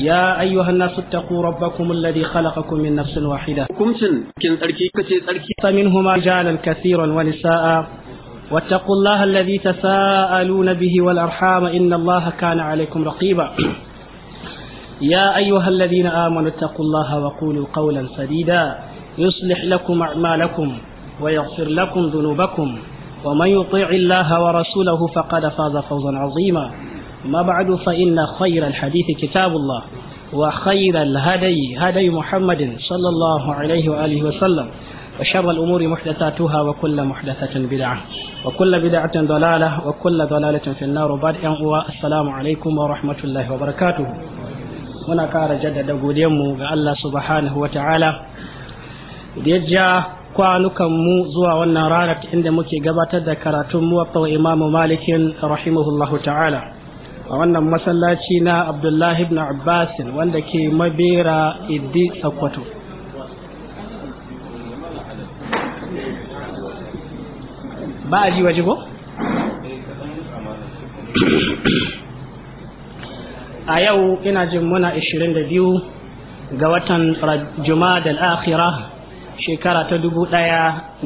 يا أيها الناس اتقوا ربكم الذي خلقكم من نفس واحدة فمنهما منهما رجالا كثيرا ونساء واتقوا الله الذي تساءلون به والأرحام إن الله كان عليكم رقيبا يا أيها الذين آمنوا اتقوا الله وقولوا قولا سديدا يصلح لكم أعمالكم ويغفر لكم ذنوبكم ومن يطيع الله ورسوله فقد فاز فوزا عظيما ما بعد فإن خير الحديث كتاب الله وخير الهدي هدي محمد صلى الله عليه وآله وسلم وشر الأمور محدثاتها وكل محدثة بدعة وكل بدعة ضلالة وكل ضلالة في النار بعد السلام عليكم ورحمة الله وبركاته muna ƙara jaddada godiyanmu ga Allah subhanahu wata'ala da ya ja kwanukanmu zuwa wannan ranar inda muke gabatar da karatun muwatta wa imamu malikin rahimahullahu ta'ala a wannan masallaci na abdullahi ibn abbasin wanda ke mabera iddi sakkwato ba a ji waje ko? a yau ina jin muna 22 ga watan juma'a da al'akhira shekara ta 1435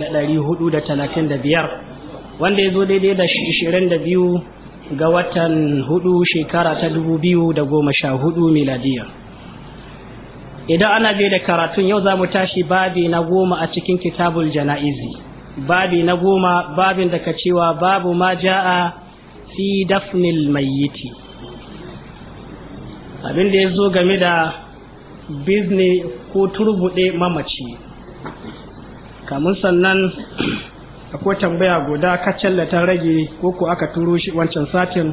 wanda ya zo daidai da 22 ga watan hudu shekara ta dubu biyu da goma sha hudu miladiya idan ana bai da karatun yau za mu tashi babi na goma a cikin kitabul jana'izi babi na goma babin da ka cewa babu ma ja'a fi dafnil mayyiti abin da ya zo game da bizne ko turbuɗe mamaci kamun sannan akwai tambaya guda kacal da ta rage ko ko aka turo shi wancan satin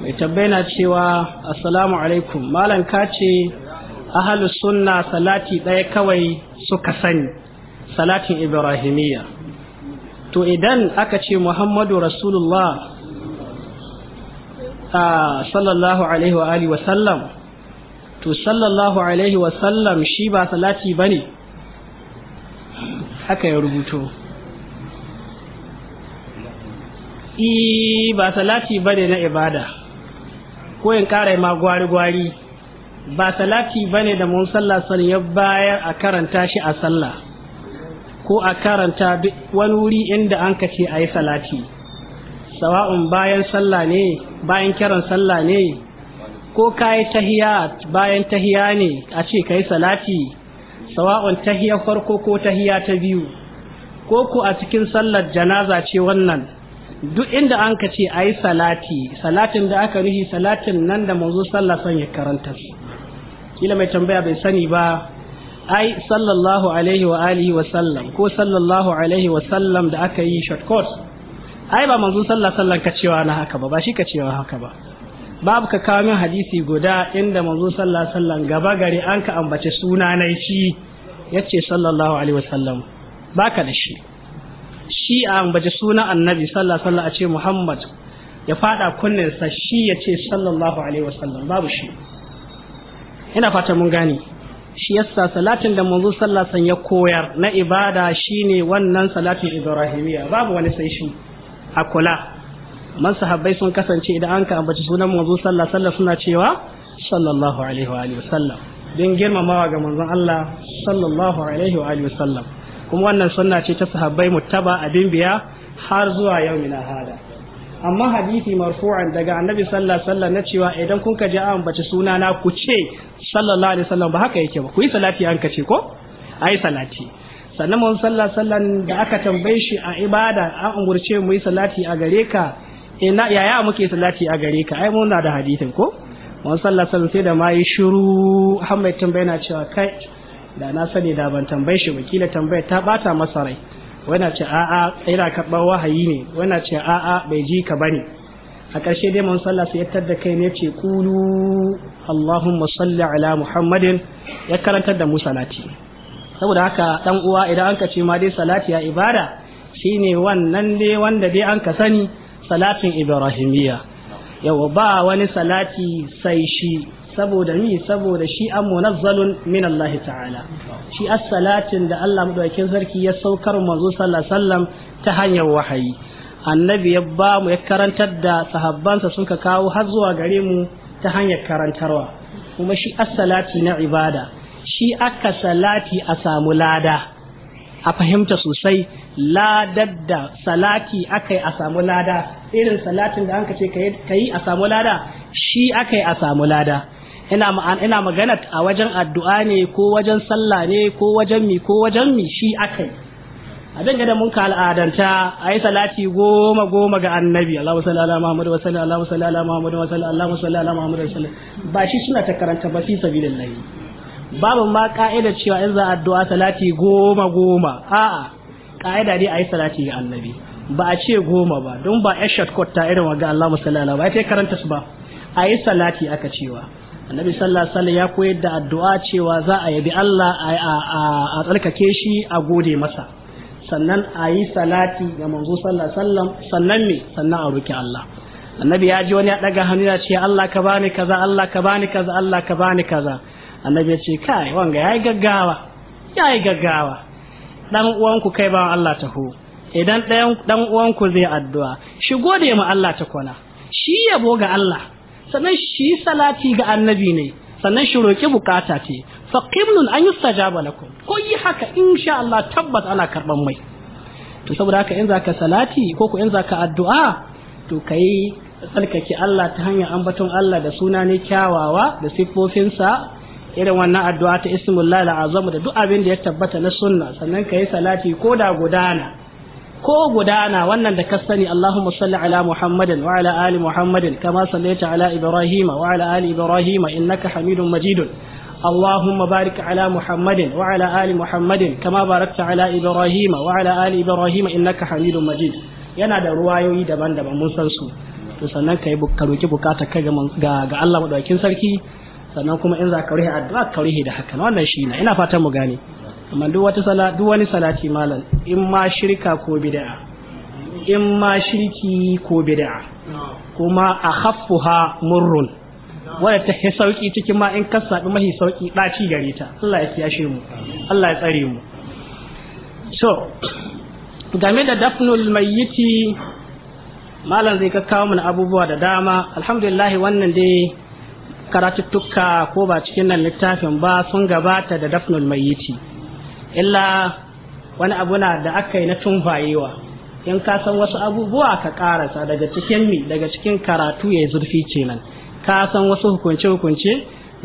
mai tambaya na cewa assalamu alaikum malam ka ce ahalus sunna salati ɗaya kawai suka sani salatin ibrahimiyya to idan aka ce muhammadu rasulullah sallallahu alaihi wa alihi wa to sallallahu alaihi wa shi ba salati bane haka ya rubuto i ba salati bane na ibada ko in kara ma gwari gwari ba salati bane da mun sallah sallan ya bayar a karanta shi a sallah ko a karanta wani wuri inda an ka ce a yi salati sawa'un bayan sallah ne bayan kiran sallah ne ko ka yi tahiya bayan tahiya ne a ce ka yi salati sawa'un tahiya farko ko tahiya ta biyu ko ku a cikin sallar janaza ce wannan duk inda an ka ce ayi salati salatin da aka nuhi salatin nan da mazu sallallahu ya karanta kila mai tambaya bai sani ba ai sallallahu alaihi wa alihi wa sallam ko sallallahu alaihi wa sallam da aka yi shortcut ai ba mazu sallallahu sallan ka cewa na haka ba ba shi ka cewa haka ba babu ka kawo min hadisi guda inda mazu sallallahu sallan gaba gari an ka ambace suna na shi yace sallallahu alaihi wa sallam baka da shi shi a ambaci sunan annabi sallallahu alaihi a ce muhammad ya fada kunninsa shi ya ce sallallahu alaihi wasallam babu shi ina fata mun gane shi yasa salatin da manzo sallallahu ya koyar na ibada shine wannan salatin ibrahimiya babu wani sai shi a kula man sahabbai sun kasance idan an ka ambaci sunan manzo sallallahu alaihi suna cewa sallallahu alaihi wa alihi wasallam girmamawa ga manzon Allah sallallahu alaihi wa kuma wannan sunna ce ta sahabbai muttaba abin biya har zuwa yau yaumina hada amma hadisi marfu'an daga annabi sallallahu alaihi wasallam na cewa idan kun ka ji an bace suna na ku ce sallallahu alaihi wasallam ba haka yake ba ku yi salati an ka ce ko ai salati sannan mun sallallahu alaihi da aka tambaye shi a ibada an umurce mu yi salati a gare ka ina yaya muke salati a gare ka ai muna da hadisin ko mun sallallahu alaihi sai da ma yi shiru Ahmad tambaye na cewa kai da na sani da ban tambaye shi wakila tambaye ta bata masa rai wana ce a'a ina karɓar wahayi ne wana ce a'a bai ji ka bane a ƙarshe dai mun sallah sai ya da kai ne ce qulu allahumma salli ala muhammadin ya karantar da mu salati saboda haka dan uwa idan anka ce ma dai salati ya ibada shine wannan dai wanda dai an sani salatin ibrahimiyya yau ba wani salati sai shi saboda ni saboda shi an munazzalun min Allah ta'ala shi as-salatin da Allah ɗaukin sarki ya saukar manzo sallallahu alaihi ta hanyar wahayi annabi ya ba mu ya karantar da sahabbansa sun ka kawo har zuwa gare mu ta hanyar karantarwa kuma shi as-salati na ibada shi aka salati a samu lada a fahimta sosai ladar da salati aka yi a samu lada irin salatin da an ce ka yi a samu lada shi aka yi a samu lada ina ina magana a wajen addu'a ne ko wajen sallah ne ko wajen mi ko wajen mi shi akai abin da mun ka al'adanta a yi salati goma goma ga annabi Allahu salli ala Muhammad wa salli Allahu salli ala Muhammad wa salli Allahu salli ala Muhammad wa salli ba shi suna ta karanta ba fi sabilillah babu ma ka'ida cewa in za addu'a salati goma goma a'a ka'ida dai a yi salati ga annabi ba a ce goma ba don ba ya shortcut ta irin wa ga Allahu salli ala ba ya karanta su ba a yi salati aka cewa annabi sallallahu alaihi wasallam ya koyar da addu'a cewa za a yabi Allah a tsarkake shi a gode masa sannan a yi salati ga manzo sallallahu alaihi wasallam sannan me sannan a roki Allah annabi ya ji wani ya daga hannu ya ce Allah ka bani kaza Allah ka bani kaza Allah ka bani kaza annabi ya ce kai wanga yayi gaggawa yayi gaggawa dan uwanku kai ba Allah taho idan dan uwanku zai addu'a shi gode ma Allah ta kwana shi yabo ga Allah sannan shi salati ga annabi ne sannan shi roki bukata ce fa faqimnun an yustajaba lakum ko yi haka insha Allah tabbas ana karban mai to saboda haka in zaka salati ko ku in zaka addu'a to kai tsarkake Allah ta hanyar ambaton Allah da suna ne kyawawa da siffofinsa irin wannan addu'a ta ismullahi al'azam da duk abin da ya tabbata na sunna sannan kai salati ko da gudana ko gudana wannan da ka sani Allahumma salli ala Muhammadin wa ala ali Muhammadin kama sallaita ala Ibrahim wa ala ali Ibrahim innaka Hamidum Majidun ala Muhammadin wa ala ali Muhammadin kama barakta ala Ibrahim wa ala ali Ibrahim innaka Hamidum Majid yana da ruwayoyi daban-daban mun san su to sannan ka yi roki bukata ka ga ga Allah madaukin sarki sannan kuma in za ka rihi addu'a ka rihi da haka wannan shi na ina fatan mu gane amma duk wata sala duk wani salati malam in ma shirka ko bid'a in ma shirki ko bid'a kuma a murrun wala ta yi sauki cikin ma in ka saɓi mahi sauki ɗaci gare ta Allah ya kiyashe mu Allah ya tsare mu so game da dafnul mayyiti malam zai kawo mana abubuwa da dama alhamdulillah wannan dai karatuttuka ko ba cikin nan littafin ba sun gabata da dafnul mayyiti illa wani abu na da aka yi na tunfayewa in ka san wasu abubuwa ka karasa daga cikin mi daga cikin karatu ya zurfi kenan ka san wasu hukunce hukunce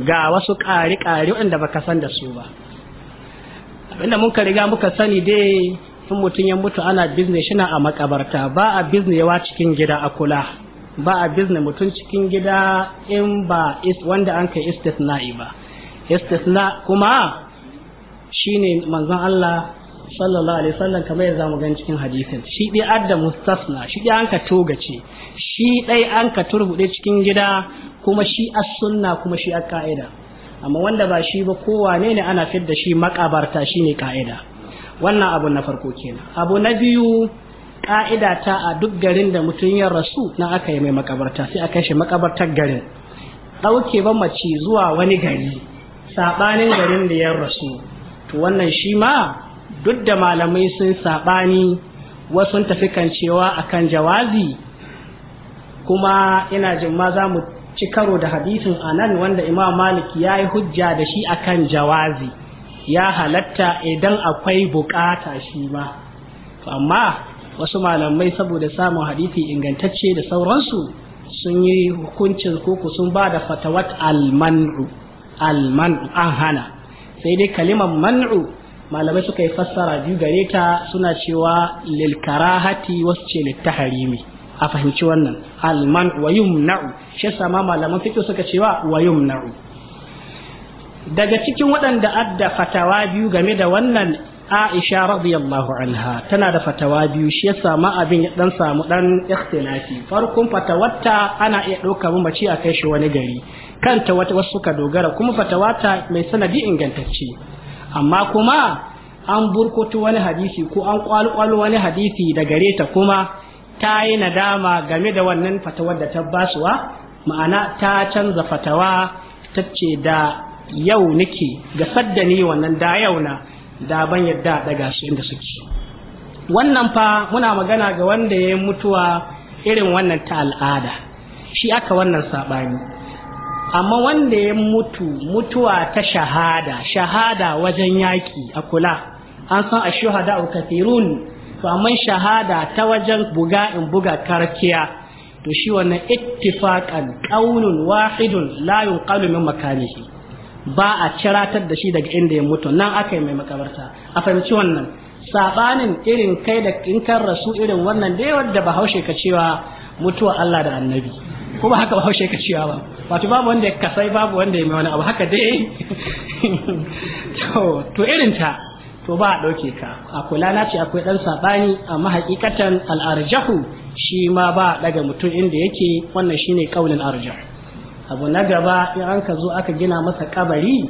ga wasu ƙari ƙari waɗanda baka san da su ba abinda mun ka riga muka sani dai in mutum ya mutu ana bizne shi a makabarta ba a biznewa cikin gida a kula ba a bizne mutum cikin gida in ba wanda an kai istisna'i ba istisna kuma shine manzon Allah sallallahu alaihi wasallam kamar yadda zamu gani cikin hadisin shi dai adda mustasna shi dai an ka togace shi dai an ka turbude cikin gida kuma shi as-sunna kuma shi a kaida amma wanda ba shi ba kowa ne ne ana fidda shi makabarta shine ka'ida wannan abu na farko kenan abu na biyu ka'ida ta a duk garin da mutum ya rasu na aka yi mai makabarta sai aka shi makabartar garin ɗauke ba mace zuwa wani gari saɓanin garin da ya rasu to wannan shi ma duk da malamai sun saɓani wasu tafi kan cewa akan jawazi kuma ina jin ma za mu ci karo da hadisin anan wanda imam malik ya yi hujja da shi akan jawazi ya halatta idan akwai bukata shi ma amma wasu malamai saboda samun hadisi ingantacce da sauransu sun yi hukuncin koko sun ba da fatawat almanu an hana sai dai kalimar man'u malamai suka yi fassara biyu gare ta suna cewa lilkarahati wasu ce lil a fahimci wannan alman man wa shi sama malaman fiqh suka cewa wayum na'u daga cikin waɗanda adda fatawa biyu game da wannan Aisha radiyallahu anha tana da fatawa biyu shi yasa abin ya dan samu dan ikhtilafi farkon fatawarta ana iya ɗauka mace a kai shi wani gari kanta wata wasu suka dogara kuma fatawata mai sanadi ingantacce amma kuma an burkutu wani hadisi ko an kwalkwalo wani hadisi da gare ta kuma ta yi nadama game da wannan fatawar da ta basuwa ma'ana ta canza fatawa ta ce da yau nake ga sadda ni wannan da yau na da ban yadda daga su inda suke wannan fa muna magana ga wanda ya yi mutuwa irin wannan ta al'ada shi aka wannan saɓani amma wanda ya mutu mutuwa ta shahada shahada wajen yaki a kula an san a shuhada a kafirun to amma shahada ta wajen buga in buga karkiya to shi wannan ittifaqan qaulun wahidun la yunqalu min makanihi ba a ciratar da shi daga inda ya mutu nan aka yi mai makabarta a fahimci wannan sabanin irin kai da in kan rasu irin wannan da yawan da bahaushe ka cewa mutuwa Allah da annabi kuma haka ba haushe ka ciya ba wato babu wanda ya kasai babu wanda ya mai wani abu haka dai to irin ta to ba a ɗauke ka a kula na ce akwai ɗan saɓani amma hakikatan al'arjahu shi ma ba a ɗaga mutum inda yake wannan shi ne kaulin arjah abu na gaba in an ka zo aka gina masa kabari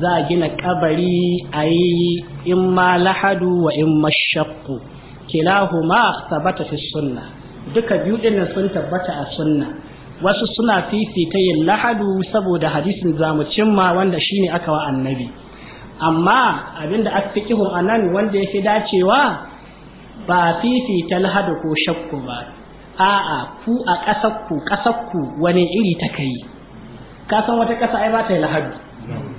za a gina kabari a yi in ma lahadu wa in Kilahu ma sabata fi sunna duka biyu ɗin sun tabbata a sunna wasu suna fifita yin lahadu saboda hadisin zamu cimma wanda shine aka wa annabi amma abinda aka fi a nan wanda ya fi dacewa ba fifita lahadu ko shakku ba a'a ku a ƙasakku ƙasakku wani iri ta kai ka san wata ƙasa ai ba ta yi lahadu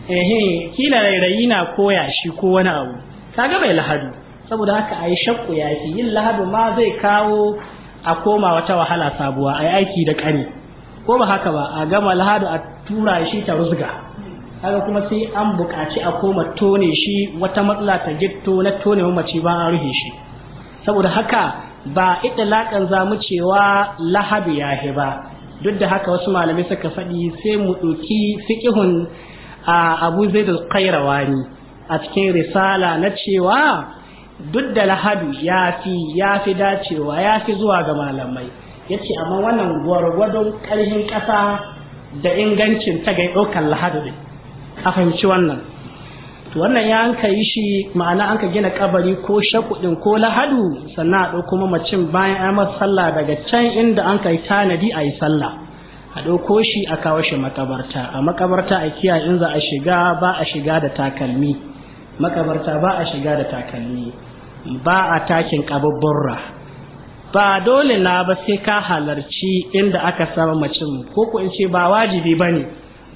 ehe kila rairayi na koya shi ko wani abu kaga bai lahadu saboda haka ayi shakku ya yin lahadu ma zai kawo a koma wata wahala sabuwa a aiki da ƙani ko ba haka ba a gama lahadu a tura shi ta rusga haka kuma sai an buƙaci a koma tone shi wata matsala ta gitto na tone mace ba an rufe shi saboda haka ba laƙan za mu cewa lahadu ya ba duk da haka wasu malamai suka faɗi sai mu ɗauki fiƙihun a abu zai da ne a cikin risala na cewa duk da lahadu ya fi ya fi dacewa ya fi zuwa ga malamai Yake amma wannan gwargwadon ƙarfin ƙasa da ingancin ta ga ɗaukar lahadu ne a fahimci wannan to wannan ya an yi shi ma'ana an ka gina kabari ko shakuɗin ko lahadu sannan a ɗauko macin bayan an masa sallah daga can inda an kai tanadi a yi sallah a ɗauko shi a kawo shi makabarta a makabarta a kiya in za a shiga ba a shiga da takalmi makabarta ba a shiga da takalmi ba a takin ƙabubburra ba dole na ba sai ka halarci inda aka sama macin ko ko in ce ba wajibi ba ne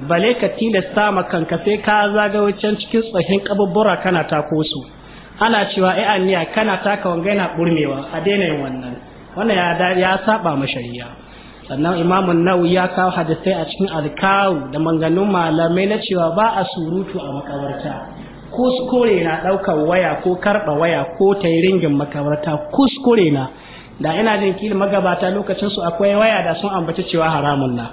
bale ka tilasta ma kanka sai ka zaga wucin cikin tsohin kabubbura kana ta su ana cewa ai anniya kana taka wanga yana burmewa a daina yin wannan wannan ya ya saba ma shari'a sannan imamu nawawi ya kawo hadisai a cikin alkawu da manganun malamai na cewa ba a surutu a makabarta kuskure na ɗaukar waya ko karɓa waya ko ta yi ringin makabarta kuskure na da ina jin kila magabata lokacin su akwai waya da sun ambaci cewa haramun na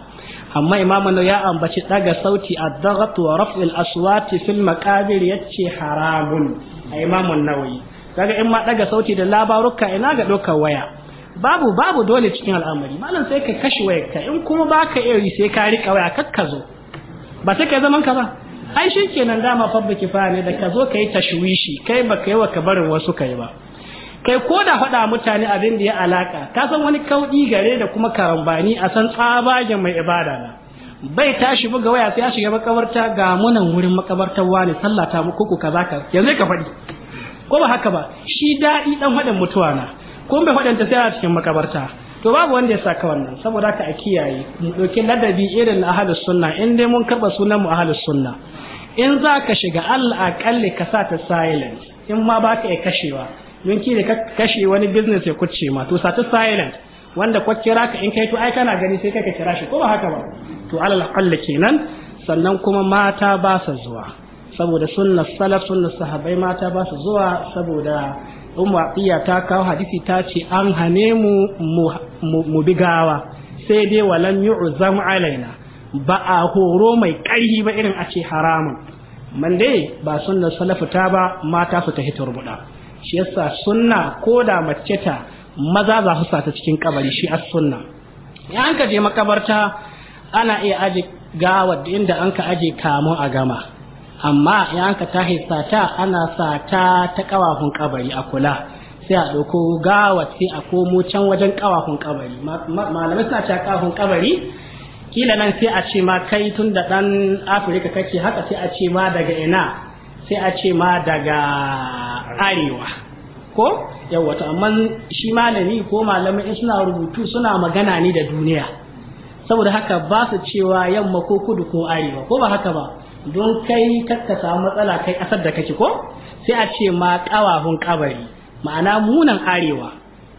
amma imamun ya ambaci daga sauti ad-daghat wa raf'il aswati fil maqabir yace haramun a Imamun nawawi kaga in ma daga sauti da labaruka ina ga dokar waya babu babu dole cikin al'amari malam sai ka kashe ka in kuma baka iri sai ka rika waya zo. ba sai ka zaman ka ba ai shikenan dama fabba fa ne da ka zo ka tashwishi kai baka yi wa kabarin wasu kai ba kai ko da faɗa mutane abin da ya alaka ka san wani kauɗi gare da kuma karambani a san tsabagen mai ibada na bai tashi buga waya sai ya shiga makabarta ga munan wurin makabartar wani sallata mu ku kaza ka yanzu ka faɗi ko ba haka ba shi daɗi ɗan faɗin mutuwa na ko bai faɗin ta sai a cikin makabarta to babu wanda ya saka wannan saboda haka a kiyaye mu ɗauki ladabi irin na ahlus sunna in dai mun karba sunan mu ahlus sunna in za ka shiga Allah a ka sa ta silent in ma ba ka iya kashewa Mun ki ne kashe wani business ya kucce ma to satu silent wanda kwa kira ka in kai to ai kana gani sai kai ka kira shi ko ba haka ba to alal qalla kenan sannan kuma mata ba su zuwa saboda sunnar salaf sunnar sahabbai mata ba su zuwa saboda umma iya ta kawo hadisi ta ce an hane mu mu bigawa sai dai walam yu'zam alaina ba a horo mai ƙarfi ba irin a ce haramun man dai ba sunnar salafu ta ba mata su ta hitar buɗa shi yasa sunna ko da mace ta maza za su sata cikin kabari shi as sunna ya an ka je makabarta ana iya aje gawa inda an ka aje kamo a gama amma ya an ka tahi sata ana sata ta kawafin kabari a kula sai a ɗauko gawar sai a komo can wajen kawafin kabari malamai suna cewa kawafin kabari kila nan sai a ce ma kai tun da ɗan afirka kake haka sai a ce ma daga ina sai a ce ma daga arewa ko yawa to amma shi malami ko malamai in suna rubutu suna magana ne da duniya saboda haka ba su cewa yamma ko kudu ko arewa ko ba haka ba don kai kakka samu matsala kai asar da kake ko sai a ce ma kawahun kabari ma'ana munan arewa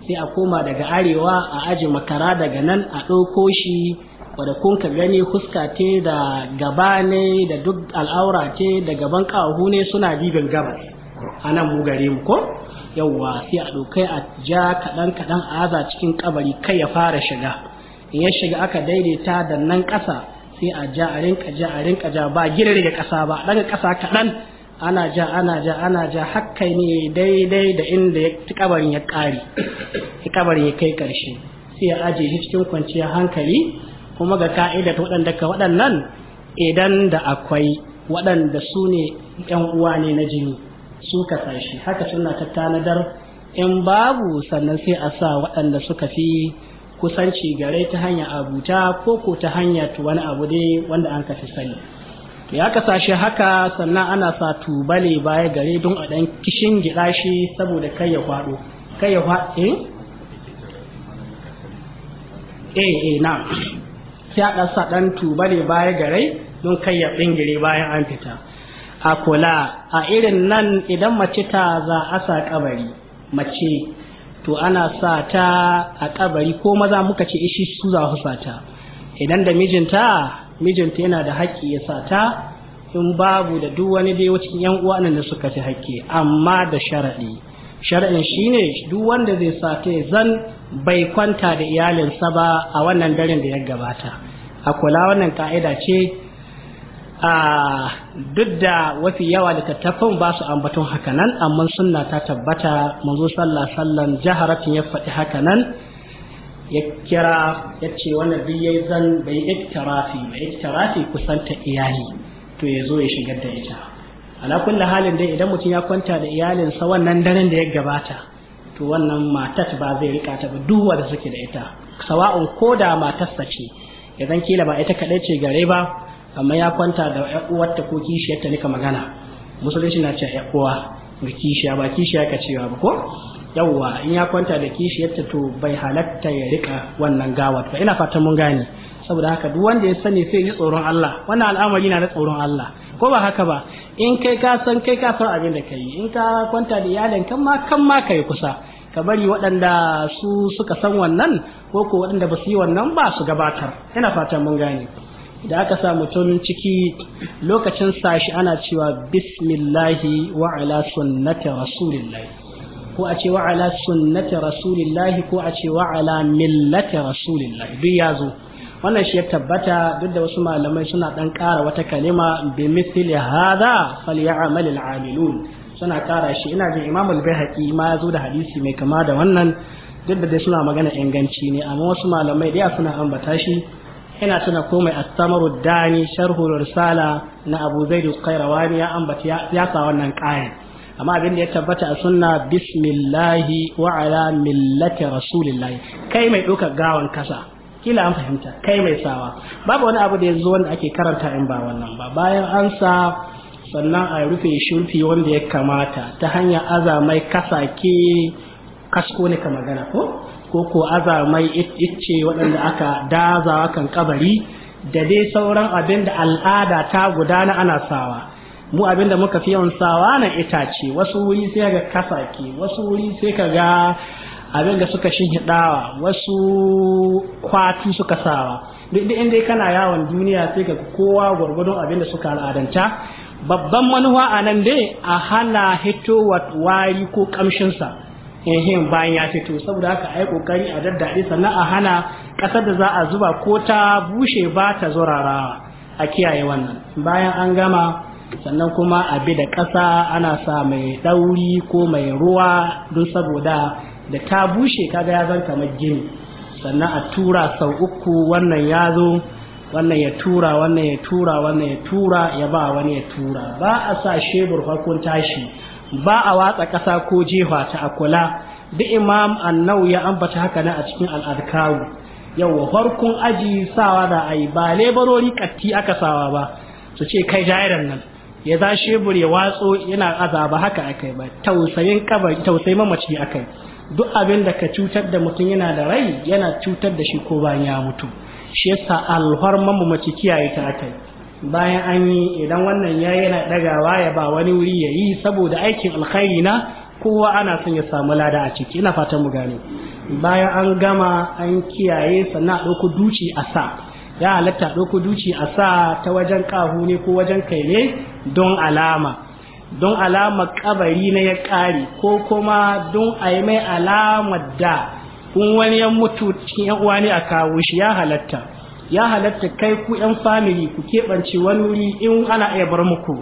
sai a koma daga arewa a aji makara daga nan a ɗauko shi wadda kun ka gani huska te da gaba ne da duk al'aura ce da gaban ƙahu ne suna bibin gabas a nan mu gare mu ko yawwa sai a ɗaukai a ja kaɗan kaɗan a aza cikin kabari kai ya fara shiga in ya shiga aka daidaita da nan ƙasa sai a ja a rinka ja a rinka ja ba girgiza ƙasa ba ɗaga ƙasa kaɗan ana ja ana ja ana ja hakkai ne daidai da inda ya kabarin ya ƙare kabarin ya kai ƙarshe sai ya ajiye shi cikin kwanciyar hankali kuma ga ka'ida ta waɗanda ka waɗannan idan da akwai waɗanda su ne ‘yan uwa ne na jini su ka haka suna ta tanadar in babu sannan sai a sa waɗanda suka fi kusanci gare ta hanya abuta ko ko ta hanya wani abu dai wanda an ka fi sani to ya kasashe haka sannan ana sa tubale baya gare don a ɗan kishin gida shi saboda kai ya faɗo kai ya faɗo eh eh, eh na sai a ɗan sa ɗan tuba ne baya ga rai don kai ya bayan an fita a kula a irin nan idan mace ta za a sa kabari mace to ana sa ta a kabari ko maza muka ce ishi su za su sa ta idan da mijinta mijinta yana da haƙƙi ya sa ta in babu da duk wani dai wacin yan uwa nan da suka ci haƙƙi amma da sharaɗi sharaɗin shine duk wanda zai sa ta zan bai kwanta da iyalinsa ba a wannan daren da ya gabata a kula wannan ka'ida ce a duk da wafi yawa tattafin ba su ambaton hakanan amma sunna ta tabbata manzo sallah sallan jaharatin ya faɗi hakanan ya kira ya ce wannan duk zan bai iktirafi bai iktirafi kusanta iyali to ya zo ya shigar da ita ala kulli halin dai idan mutum ya kwanta da iyalinsa wannan daren da ya gabata to wannan matas ba zai rika ta ba duk wanda suke da ita sawa'un ko da matarsa ce idan kila ba ita kaɗai ce gare ba amma ya kwanta da ƴan uwarta ko kishiyarta nika magana musulunci na ce ƴan uwa ga kishiya ba kishiya ka cewa ba ko yawwa in ya kwanta da kishiyarta to bai halatta ya rika wannan gawar ba ina fatan mun gane saboda haka duk wanda ya sani sai ya tsoron Allah wannan al'amari na da tsoron Allah ko ba haka ba in kai ka san kai ka san abin da ka yi in ka kwanta da iyalin kan ma kan ma ka yi kusa ka bari waɗanda su suka san wannan ko ko waɗanda ba su yi wannan ba su gabatar ina fatan mun gane da aka sa mutum ciki lokacin sashi ana cewa bismillahi wa ala sunnati rasulillahi ko a ce wa ala sunnati rasulillahi ko a ce wa ala millati rasulillahi duk ya zo wannan shi ya tabbata duk da wasu malamai suna dan ƙara wata kalima bi mithli hadha falyamal al'amilun suna ƙara shi ina jin Imam al ma ya da hadisi mai kama da wannan duk da suna magana inganci ne amma wasu malamai da suna ambata shi ina suna komai mai astamaru dani sharhul risala na Abu Zaid al ya ambata ya sa wannan ƙayan amma abin da ya tabbata a sunna bismillahi wa ala millati rasulillahi kai mai ɗaukar gawan kasa kila an fahimta kai mai sawa babu wani abu da ya zo wanda ake karanta in ba wannan ba bayan an sa sannan a rufe shurfi wanda ya kamata ta hanyar azamai kasake kasko ne ka magana ko ko ko azamai icce waɗanda aka daza kan kabari da dai sauran abin da al'ada ta gudana ana sawa mu abin da muka fi yawan sawa na itace wasu wuri sai ga kasake wasu wuri sai ka ga abin da suka shi hidawa wasu kwatu suka sawa duk da inda kana yawon duniya sai ga kowa gwargwadon abin da suka al'adanta babban manuwa a nan dai a hana hito wari ko kamshinsa ehin bayan ya fito saboda haka a yi kokari a daddaɗe sannan a hana ƙasar da za a zuba ko ta bushe ba ta zurarawa a kiyaye wannan bayan an gama sannan kuma a bi da ƙasa ana sa mai ɗauri ko mai ruwa don saboda da ta bushe kaga ya zan kamar gini sannan a tura sau uku wannan ya zo wannan ya tura wannan ya tura wannan ya tura ya ba wani ya tura ba a sa shebur farkon tashi ba a watsa ƙasa ko jefa ta akula duk imam annau ya ambata haka na a cikin al'adkawu yau farkon aji sawa da ai ba lebarori katti aka sawa ba su ce kai jairan nan ya za shebur ya watso yana azaba haka akai ba tausayin kabari tausayin mamaci akai duk abin da ka cutar da mutum yana da rai yana cutar da shi ko bayan ya mutu shi yasa alhorman mu mace kiyaye ta akai bayan an yi idan wannan ya yana dagawa ya ba wani wuri ya yi saboda aikin alkhairi na kowa ana son ya samu lada a ciki ina fatan mu gane bayan an gama an kiyaye sannan a ɗauko duci a sa ya halatta ɗauko duci a sa ta wajen ƙahu ne ko wajen kai ne don alama don alamar kabari na ya kare ko kuma don a yi mai alamar da kun wani yan mutu cikin yan uwa ne a kawo shi ya halatta ya halatta kai ku yan famili ku keɓance wani wuri in ana iya bar muku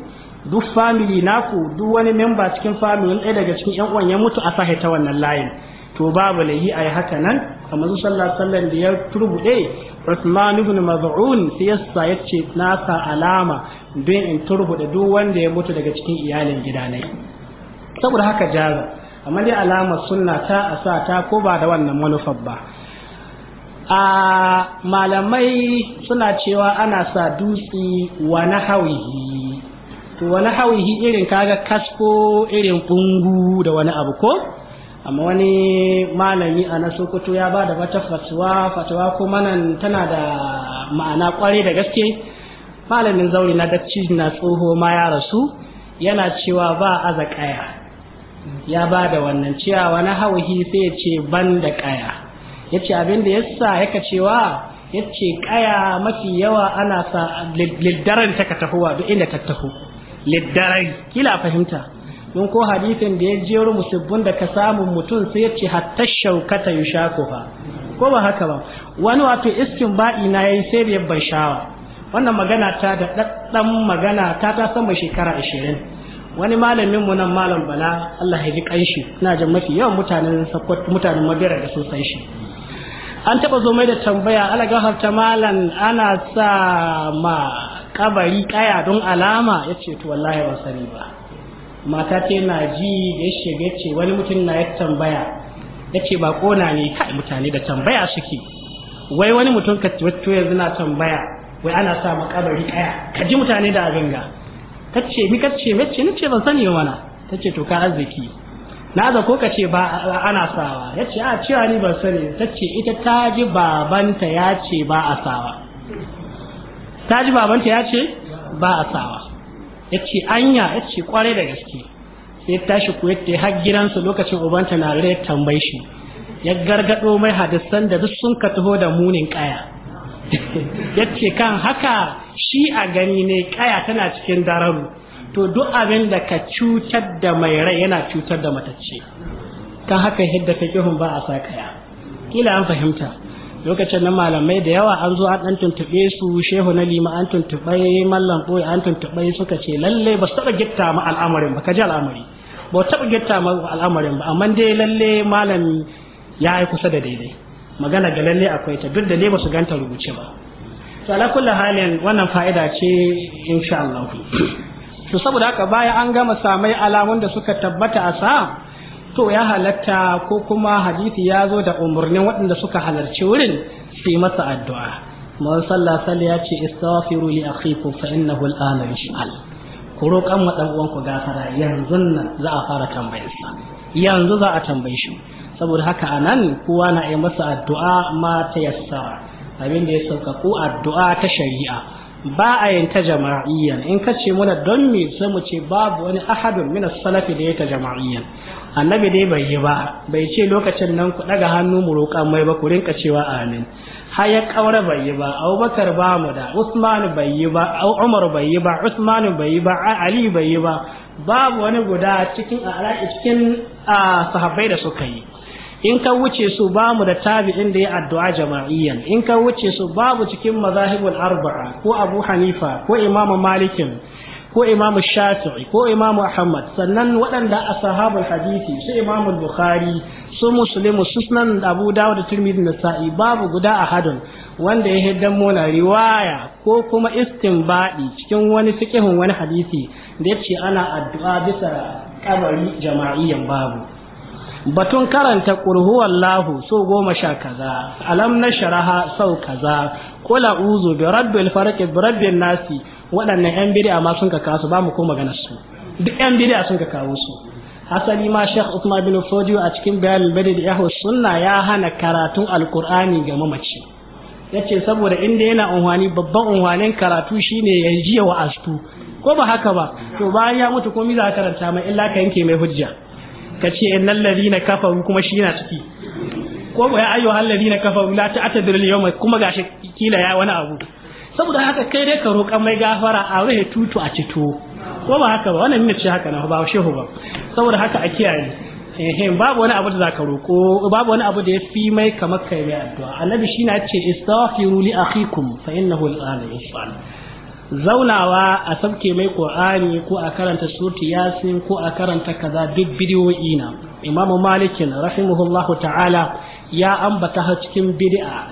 duk family naku duk wani memba cikin family ɗaya daga cikin yan uwan ya mutu a sahi ta wannan layin to babu laihi a yi haka nan a mazu sallallahu da ya turbuɗe Usman ibn Maz'un sai ya ce na sa alama don in turbuda duk wanda ya mutu daga cikin iyalin gida yi. saboda haka jaza amma dai alamar sunna ta a sa ta ko ba da wannan manufar ba a malamai suna cewa ana sa dutsi wa na hawihi to wa na hawihi irin kaga kasko irin kungu da wani abu ko amma wani malami a na sokoto ya ba da wata fatuwa fatuwa ko manan tana da ma'ana kwarai da gaske malamin zauri na dacci na tsoho ma ya rasu yana cewa ba aza kaya ya ba da wannan cewa wani hauhi sai ya ce ban da kaya ya ce abin da yasa yaka cewa ya ce kaya mafi yawa ana sa liddaran ta ka wa duk inda ta taho liddarai kila fahimta don ko hadisin da ya jero musibbin da ka samu mutum sai ya ce hatta shaukata yushakuha ko ba haka ba wani wato iskin ba'i na yayi sai da yabban shawa wannan magana ta da ɗaɗɗan magana ta ta sama shekara ashirin wani malamin mu nan malam bala Allah ya ji kanshi ina jin mafi yawan mutanen sakwat mutanen madira da sun san shi an taɓa zo mai da tambaya ala gafarta malam ana sa ma kabari kaya don alama yace to wallahi ban sani ba mata ce na ji da ya shiga wani mutum na ya tambaya yace ba kona ne kai mutane da tambaya suke wai wani mutum ka yanzu na tambaya wai ana sa makabari ɗaya ka ji mutane da ganga ce mi ce ni nace ban sani ba mana ce to ka arziki na za ko kace ba ana sawa Ya ce a cewa ni ban sani Ta ce ita ta ji babanta ya ce ba a sawa ta ji babanta ya ce ba a sawa yace anya ce kwarai da gaske sai tashi ku ta har gidansu lokacin ubanta na rai tambayi shi ya gargado mai hadisan da duk sun ka taho da munin kaya yace kan haka shi a gani ne kaya tana cikin dararu to duk abin da ka cutar da mai rai yana cutar da matacce kan haka hidda fiqhun ba a sa kaya kila an fahimta lokacin na malamai da yawa an zo an dan tuntube su shehu na lima an tuntube mallam boye an tuntube suka ce lalle ba su taba gitta ma al'amarin ba ka ji al'amari ba taba gitta ma al'amarin ba amma dai lalle malam ya yi kusa da daidai magana ga lalle akwai ta duk da ne ba su ganta rubuce ba to ala kullu halin wannan fa'ida ce insha Allah to saboda haka bayan an gama samai alamun da suka tabbata a sa to ya halatta ko kuma hadisi ya zo da umurnin waɗanda suka halarci wurin su masa addu'a man sallah sallah ya ce istaghfiru li akhiku fa innahu al'ana yash'al ku roƙan wa dan uwanku gafara yanzu nan za a fara tambayarsa yanzu za a tambaye shi saboda haka a nan, kowa na yi masa addu'a ma ta yassara abin da ya sauƙaƙo addu'a ta shari'a ba a yin ta jama'iyyan in ka ce muna don me sai mu ce babu wani ahadun min salafi da ya ta jama'iyyan annabi dai bai yi ba bai ce lokacin nan ku daga hannu mu roƙa mai ba ku rinka cewa amin har ya ƙaura bai yi ba abubakar ba mu da usman bai yi ba umar bai yi ba usman bai yi ba ali bai yi ba babu wani guda cikin cikin ah, sahabbai da suka yi in ka wuce su ba mu da tabi'in da ya addu'a jama'iyyan in ka wuce su babu cikin mazahibul arba'a ko Abu Hanifa ko Imam Malikin ko Imam Shafi'i ko Imam Ahmad sannan waɗanda ashabul hadisi su Imam Bukhari su Muslim su Sunan Abu Dawud da Tirmidhi da Sa'i babu guda a hadun wanda ya hiddan mona riwaya ko kuma istinbadi cikin wani fiqhun wani hadisi da yace ana addu'a bisa kabari jama'iyyan babu batun karanta Lahu so goma sha kaza alam na sharaha sau kaza qula uzu bi rabbil farqi bi rabbin nasi waɗannan yan bid'a ma sun ka kawo ba mu ko magana su duk yan bid'a sun ka kawo su asali ma Sheikh Usman bin Fodio a cikin bayanin bada da yahu sunna ya hana karatun alqur'ani ga mamaci yace saboda inda yana unhwani babban unhwanin karatu shine ya jiya wa astu ko ba haka ba to bayan ya mutu komai za karanta mai illa ka yanke mai hujja Ka kace innal ladina kafaru kuma shi yana ciki ko ya ayyu alladina kafaru la ta'tadiru al-yawma kuma gashi kila ya wani abu saboda haka kai dai ka roƙa mai gafara a rufe tutu a cito ko ba haka ba wannan ne ce haka na ba shehu ba saboda haka a kiyaye ehem babu wani abu da zaka roƙo babu wani abu da yafi mai kamar kai mai addu'a annabi shi na ce istaghfiru li akhikum fa innahu al-ana zaunawa a sabke mai qur'ani ko a karanta surti yasin ko a karanta kaza duk bidiyoyi na imamu malikin rahimahullahu ta'ala ya ambata cikin bid'a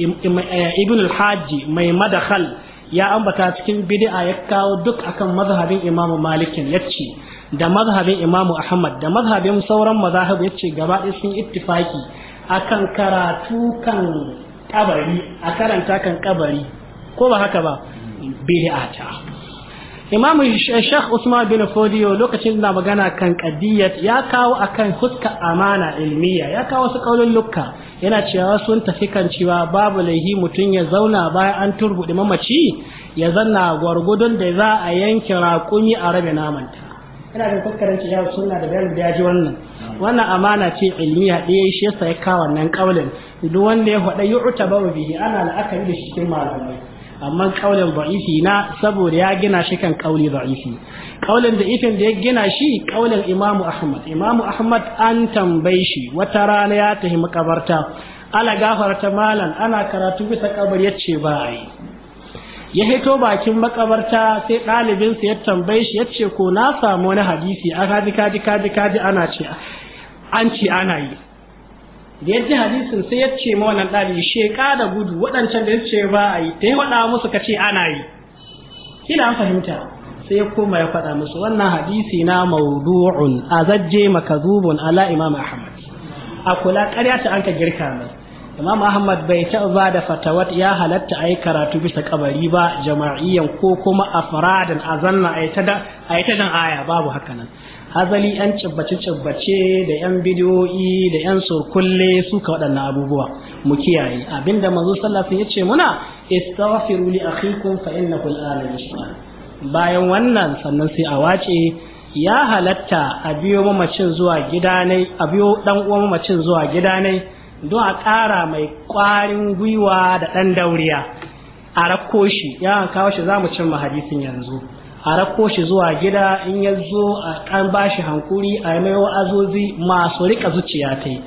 eh, ibn al-hajji mai madakhal ya ambata cikin bid'a ya kawo duk akan mazhabin imamu malikin yace da mazhabin imamu ahmad da mazhabin sauran mazahib Yacce gaba sun ittifaki akan karatu kan kabari a karanta kan kabari ko ba haka ba bid'ata imam shekh usman bin fodiyo lokacin da magana kan qadiyat ya kawo akan huska amana ilmiya ya kawo su kaulin lukka yana cewa sun tafi kan cewa babu laihi mutum ya zauna bayan an turbuɗe mamaci ya zanna gurgudun da za a yanke raƙumi a rabe namanta ina da fuskarin cewa suna da bayan da ji wannan wannan amana ce ilmiya ɗaya shi yasa ya kawo wannan kaulin duk wanda ya faɗa yu'tabaru bihi ana la'akari da shi cikin malamai amma kaulin da'ifi na saboda ya gina shi kan kauli da'ifi kaulin da'ifin da ya gina shi kaulin imamu ahmad imamu ahmad an tambaye shi wata rana ya tafi makabarta ala gafarta malam ana karatu bisa kabar yace ba yi ya hito bakin makabarta sai ɗalibinsa ya tambaye shi ya ce ko na samu wani hadisi a kaji kaji kaji kaji ana ce an ce ana yi da ya ji hadisin sai ya ce ma wannan ɗalibi sheka da gudu waɗancan da ya ce ba a yi ta yi waɗa musu ka ce ana yi kila an fahimta sai ya koma ya faɗa musu wannan hadisi na maudu'un maka makazubun ala imam ahmad a kula ƙarya ta an ka girka mai imam ahmad bai taɓa ba da fatawat ya halatta a yi karatu bisa kabari ba jama'iyyan ko kuma afradin a zanna a yi ta aya babu haka nan hazali yan cibbace cibbace da yan bidiyoyi da yan surkulle suka waɗannan abubuwa mu kiyaye abinda manzo sallallahu ya ce muna istaghfiru li akhikum fa innahu al'ana yus'al bayan wannan sannan sai a wace ya halatta a biyo mamacin zuwa gida ne a biyo dan uwan mamacin zuwa gida ne don a ƙara mai ƙwarin gwiwa da ɗan dauriya a rakko shi ya kawo shi za mu cin hadisin yanzu a rako shi zuwa gida in ya zo a kan bashi hankuri a mai wa'azozi masu rika zuciya ta yi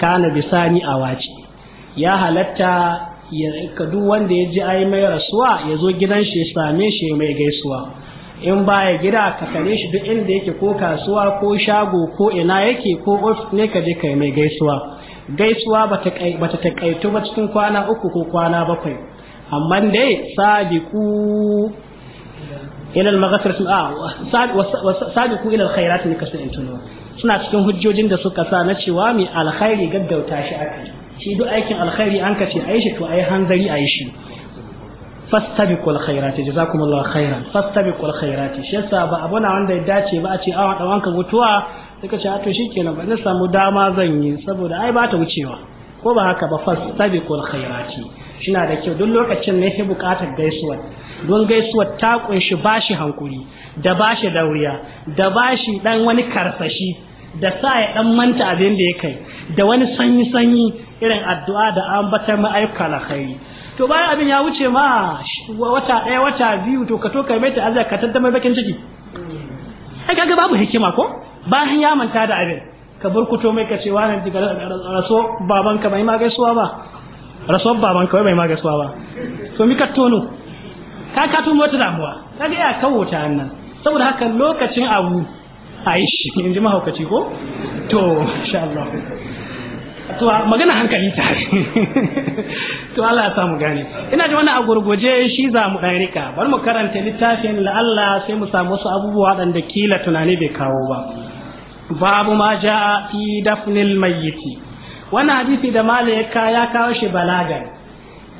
kana bisani a wace ya halatta ka duk wanda ya ji ai mai rasuwa ya zo gidan shi same shi mai gaisuwa in baya gida ka kare shi duk inda yake ko kasuwa ko shago ko ina yake ko ofis ne ka je kai mai gaisuwa gaisuwa bata takaitu ba cikin kwana uku ko kwana bakwai amma dai sadiku ilal maghfirati a sabiqu ilal khairati ne kasu in tuno suna cikin hujjojin da suka sa na cewa mai alkhairi gaggauta shi akai shi duk aikin alkhairi an kace ayi shi to ayi hanzari ayi shi fastabiqul khairati jazakumullahu khairan fastabiqul khairati shi yasa ba abuna wanda ya dace ba a ce a dan wanka mutuwa suka ce to shikenan ba na samu dama zan yi saboda ai bata wucewa ko ba haka ba fas fastabiqul khairati shina da kyau duk lokacin ne sai bukatar gaisuwa don gaisuwa ta kunshi bashi hankuri da bashi dauriya da bashi dan wani karsashi da sa ya dan manta abin da ya kai da wani sanyi sanyi irin addu'a da ambatar ma'aikata kai to bayan abin ya wuce ma wata ɗaya wata biyu to ka to kai mai ta'azza ka tantama bakin ciki ai kaga babu hikima ko bayan ya manta da abin ka burkuto mai ka ce wani daga raso babanka mai ma gaisuwa ba rasuwar baban kawai bai magasuwa ba to mika tono ka ka tono wata damuwa ka ga ya kawo ta nan saboda haka lokacin abu a yi shi in ji mahaukaci ko to insha Allah to magana hankali ta to Allah ya samu gane ina ji wannan a gurguje shi za mu dan rika bar mu karanta littafin Allah sai mu samu wasu abubuwa da kila tunani bai kawo ba babu ma ja fi dafnil mayyiti wannan hadisi da malam ya kawo ya kawo shi balagan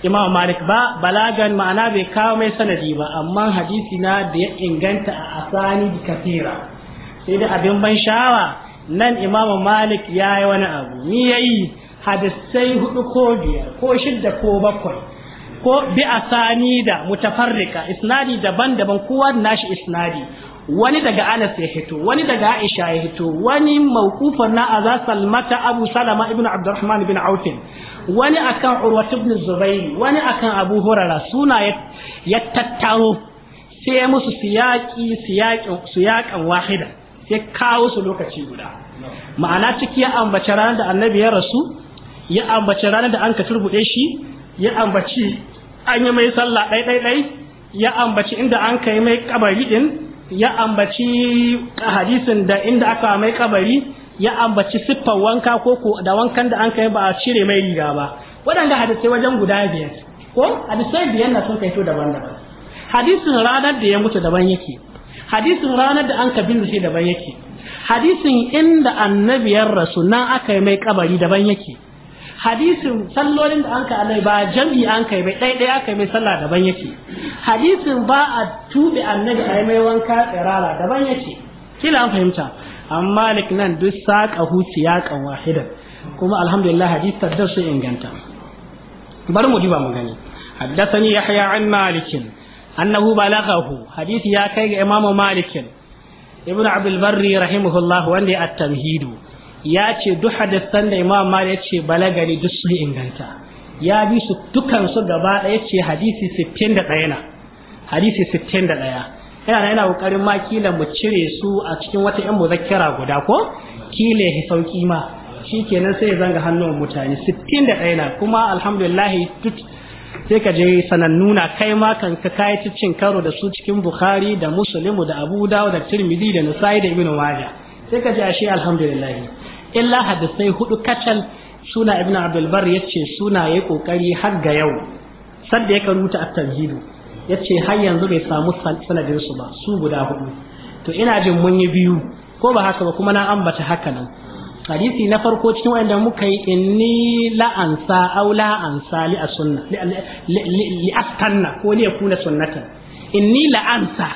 imam malik ba balagan ma'ana bai kawo mai sanadi ba amma hadisi na da ya inganta a asani da kafira sai da abin ban sha'awa nan imam malik ya yi wani abu ni ya yi hadisai hudu ko biyar ko shidda ko bakwai ko bi asani da mutafarrika isnadi daban-daban kowa da nashi isnadi wani daga Anas ya hito wani daga Aisha ya hito wani mawqufan na Aza Salmata Abu Salama ibn Abdurrahman ibn Auf wani akan Urwa ibn wani akan Abu Hurara suna ya tattaro sai ya musu siyaki siyakin siyakan wahida sai kawo su lokaci guda ma'ana ciki ya ambaci ranar da Annabi ya rasu ya ambaci ranar da an ka shi ya ambaci an yi mai sallah ɗai ɗai ɗai ya ambaci inda an kai mai kabari din ya ambaci hadisin da inda aka mai kabari ya ambaci siffar wanka ko da wankan da an kai ba a cire mai riga ba waɗanda hadisai wajen guda biyar ko hadisai biyar na sun kai to daban-daban hadisin ranar da ya mutu daban yake hadisin ranar da an ka bin daban yake hadisin inda annabiyar rasu nan aka yi mai kabari daban yake hadisin sallolin da an ka annabi ba jam'i an kai bai ɗaya ɗaya aka mai sallah daban yake hadisin ba a tuɓe annabi a mai wanka tsirara daban yake kila an fahimta amma malik nan duk saƙa huci yaƙan wahidan kuma alhamdulillah hadis da su inganta bari mu diba mu gani haddathani yahya an malikin annahu balaghahu hadisi ya kai ga imamu malikin ibnu abdul barri rahimahullah wanda ya at-tamhidu ya ce duk hadisan da imam mali ya ce balagari duk sun inganta ya bi su dukansu gaba ɗaya ce hadisi sittin da ɗaya na hadisi sittin da ɗaya yana yana ƙoƙarin ma kila mu cire su a cikin wata yan muzakira guda ko kila ya sauki ma shi kenan sai zanga hannun mutane sittin da ɗaya na kuma alhamdulillah duk sai ka je sanannu na kai ma kan ka kai cin karo da su cikin bukhari da muslimu da abu da tirmidhi da nasai da ibnu majah sai ka ji ashe alhamdulillah illa hadisai hudu kacal suna ibn abdulbar ya ce suna ya kokari har ga yau sanda ya rubuta a tarjidu ya ce har yanzu bai samu sanadin su ba su guda hudu to ina jin mun yi biyu ko ba haka ba kuma na ambata haka nan hadisi na farko cikin wanda muka yi inni la'ansa au la'ansa li sunna li astanna ko li yakuna sunnatan inni la'ansa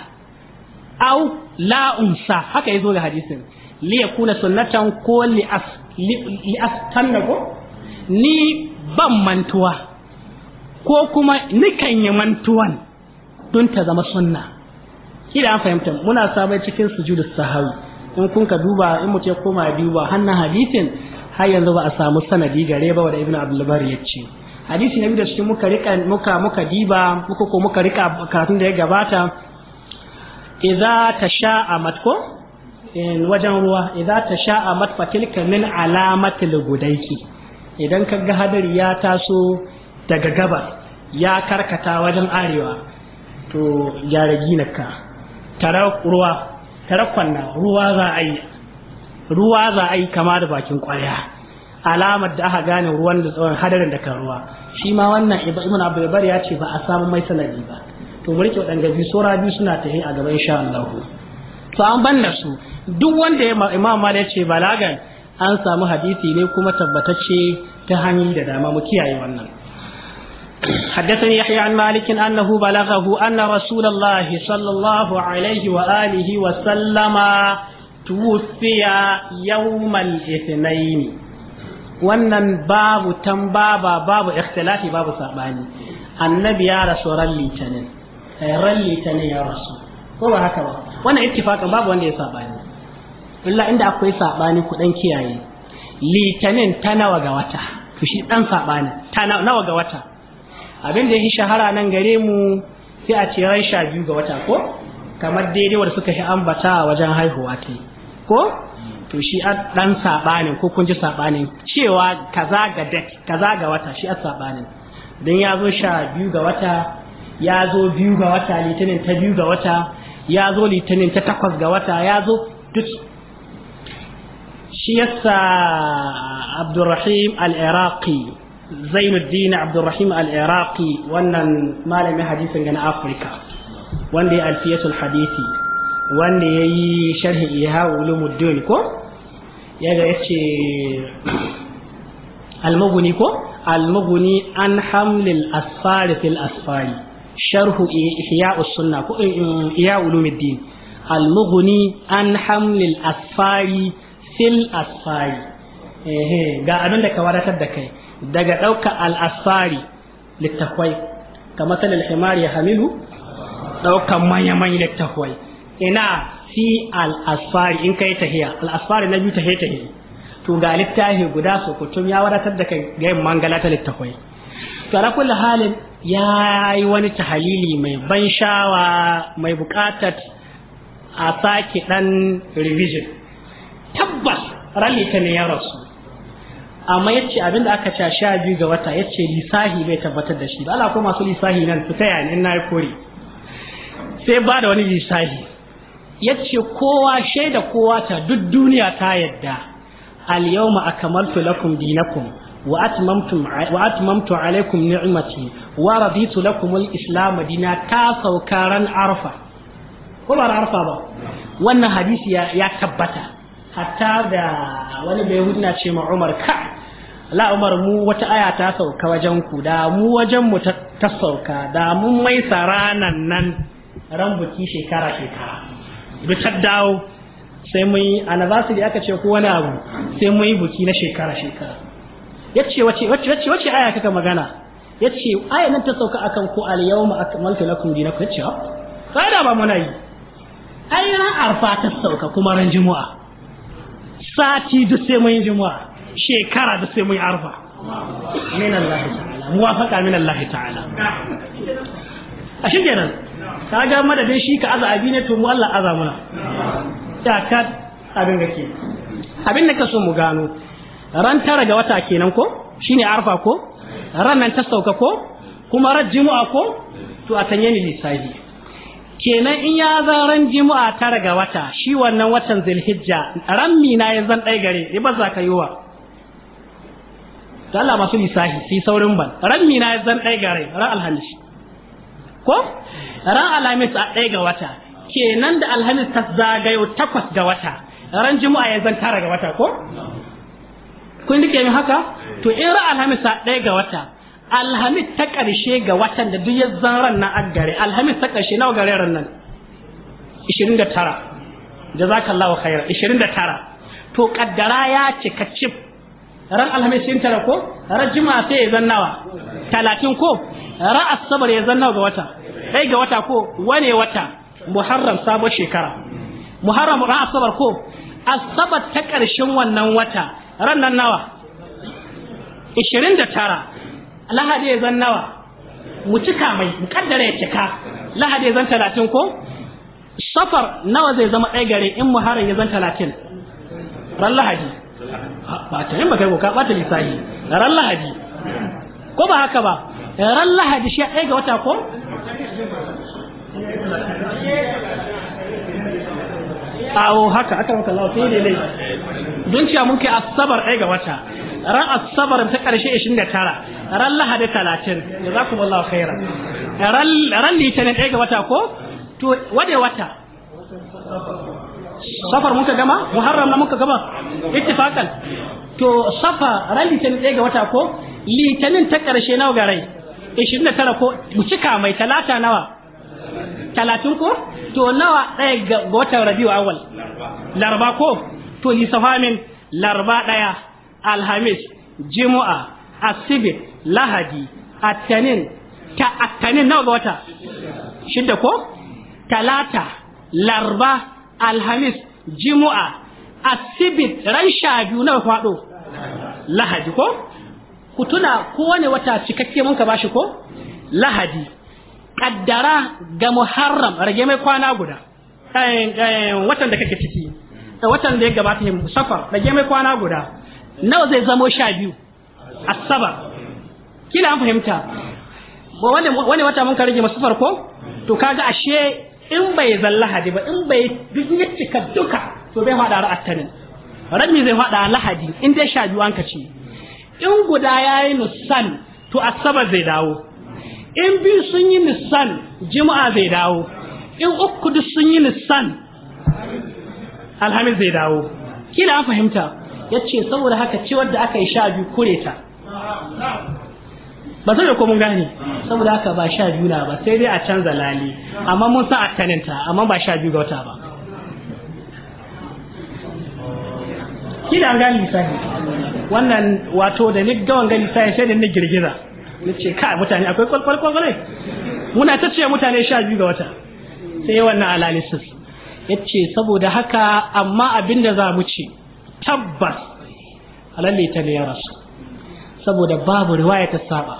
au la'unsa haka yazo ga hadisin li yakuna sunnatan ko li as li ko ni ban mantuwa ko kuma nikan yi mantuwan don ta zama sunna kila an fahimta muna sabai cikin sujudus sahawi in kun ka duba in mutum ya koma duba hannun hadisin har yanzu ba a samu sanadi gare ba wanda ibnu abdulbar ya ce hadisi na biyu da cikin muka rika muka muka diba muka ko muka rika karatun da ya gabata idza tasha'a matko Eh, wajen ruwa idan ta sha'a tilka min alamatil gudaiki idan ka ga hadari ya taso daga gabar ya karkata wajen arewa to gyara ginaka tara ruwa tara kwanna ruwa za a yi ruwa za a yi kama da bakin kwarya alamar da aka gane ruwan da tsawon hadarin da kan ruwa shi ma wannan ibn abdulbar ya ce ba a samu mai sanadi ba to mulki rike waɗanda biyu sura biyu suna a gaban sha'an Allah to an banna su duk wanda ya imam malik ya ce balagan an samu hadisi ne kuma tabbatacce ta hanyoyi da dama mu kiyaye wannan حدثني يحيى malikin مالك أنه بلغه أن رسول الله صلى الله عليه وآله وسلم توفي يوم الاثنين wannan babu tambaba babu ikhtilafi babu sabani annabi ya rasu ran litinin eh, ran litinin ya rasu ko ba haka ba wannan ittifaqan babu wanda ya sabani illa inda akwai sabani ku dan kiyaye litinin ta nawa ga wata to shi dan sabani ta nawa ga wata abin da ya shahara nan gare mu sai a ce ran sha biyu ga wata ko kamar daidai wanda suka yi ambata wajen haihuwa ta ko to shi a dan sabanin ko kun ji sabanin cewa kaza ga date kaza ga wata shi a sabanin dan ya zo sha biyu ga wata ya zo biyu ga wata litinin ta biyu ga wata ya zo litinin ta takwas ga wata ya zo duk shi yasa abdurrahim al-iraqi zainuddin abdurrahim al-iraqi wannan malamin hadisin ga na afirka wanda ya alfiyatul hadisi wanda ya yi sharhi iya ulumuddin ko ya ga ya ce almaguni ko almaguni an hamlil asfari fil asfari sharhu ihya sunna ko ihya ulumuddin al-mughni an hamlil asfari fil asfari ga abin da ka wadatar da kai daga ɗauka al-asfari littafai kamar sanin himar ya hamilu ɗaukan manya-manyan littafai ina fi al-asfari na biyu tahiya tahiya to ga littafi guda su kutum ya wadatar da kai ga yin mangala ta littafai to ala kulli halin ya yi wani tahalili mai ban shawa mai bukatar a sake dan revision tabbas ralita ne ya rasu amma ya ce abinda aka ca sha biyu ga wata ya ce lisahi bai tabbatar da shi ba ala ko masu lisahi nan fita ya in na kore sai ba da wani lisahi ya ce kowa shaida kowa ta duk duniya ta yadda al yawma akmaltu lakum dinakum wa atmamtu alaikum ni'mati wa raditu lakum al-islam dina ta saukaran arfa ko ba arfa ba wannan hadisi ya tabbata hatta da wani bai hudna ce ma Umar ka la Umar mu wata aya ta sauka wajen ku da mu wajen mu ta sauka da mun mai saranan nan ran buki shekara shekara dawo sai mun anniversary aka ce ko wani abu sai mun yi buki na shekara shekara yace wace wace wace wace aya kaka magana yace aya nan ta sauka akan ku al yawma akmaltu lakum dinakum yace kai da ba muna yi ai ran arfa ta sauka kuma ran juma'a sati da sai mun juma'a shekara da sai mun arfa min Allah ta'ala muwafaqa min Allah ta'ala a shi kenan ga madadin shi ka azabi ne to mu Allah azamuna ya ka abin da ke abin da ka so mu gano ran tara ga wata kenan ko shine arfa ko ran nan ta sauka ko kuma ran jumu'a ko to a tanye ni lissafi kenan in ya zan ran jumu'a tara ga wata shi wannan watan zulhijja ran mina ya zan dai gare ya ba za ka yi wa Allah masu lissafi sai saurin ban ran mina ya zan dai gare ran alhamis ko ran alhamis a dai ga wata kenan da alhamis ta zagayo takwas ga wata ran jumu'a ya zan tara ga wata ko kun rike min haka to in ra alhamis ɗaya ga wata alhamis ta ƙarshe ga watan da duk ya zan na a alhamis ta ƙarshe nawa gare ran nan 29 jazakallahu khaira 29 to kaddara ya cika cif ran alhamis sun tara ko ran juma'a sai ya zan nawa 30 ko ran asabar ya zan nawa ga wata ɗaya ga wata ko wane wata muharram sabon shekara muharram ran asabar ko asabar ta ƙarshen wannan wata ran nan nawa 29 lahadi ya zan nawa mu cika mai mu kaddara ya cika lahadi ya zan talatin ko safar nawa zai zama ɗaya gare in muharram ya zan talatin? ran lahadi ba ta yin ba kai ko ka bata yi. ran lahadi ko ba haka ba ran lahadi shi ɗaya ga wata ko awo haka aka maka lawa ne ne don cewa mun kai asabar ɗaya ga wata ran asabar ta ƙarshe 29 ran lahadi 30 jazakumullahu khairan ran ran litinin ɗaya ga wata ko to wade wata safar muka gama muharram na muka gama ittifaqan to safa ran litinin ɗaya ga wata ko litinin ta ƙarshe nawa ga rai 29 ko mu cika mai talata nawa talatin ko to nawa ɗaya ga watan rabiu awal larba ko to lissafa min larba ɗaya alhamis jimu'a asibit lahadi attanin ta attanin nawa ga wata shidda ko talata larba alhamis jimu'a asibit ran sha biyu nawa faɗo? lahadi ko ku tuna kowane wata cikakke mun ka bashi ko lahadi kaddara ga muharram rage mai kwana guda eh, eh, watan da kake ciki eh, watan da ya gabata yin safar rage mai kwana guda nawa zai zamo sha biyu asabar kila an fahimta wani wata mun ka rage masu safar ko to kaga ashe in bai zalla hadi ba in bai duk ya cika duka to bai faɗa ra'attanin rami zai fada lahadi in dai sha biyu an ka ci in guda ya yi nusan to asabar zai dawo in biyu sun yi nisan juma'a zai dawo in uku duk sun yi nisan alhamis zai dawo kila an fahimta ya ce saboda haka ce da aka yi sha biyu kure ta ba zai da mun gane saboda haka ba sha biyu na ba sai dai a canza lali amma mun san kaninta, amma ba sha biyu ga wata ba kila an gane sahi wannan wato da ni gawan gani sahi sai da ni girgiza nace kai mutane akwai kwalkwal muna ta ce mutane sha biyu ga wata sai wannan analysis yace saboda haka amma abinda za mu ce tabbas alalle ta ne ya rasu saboda babu riwaya ta saba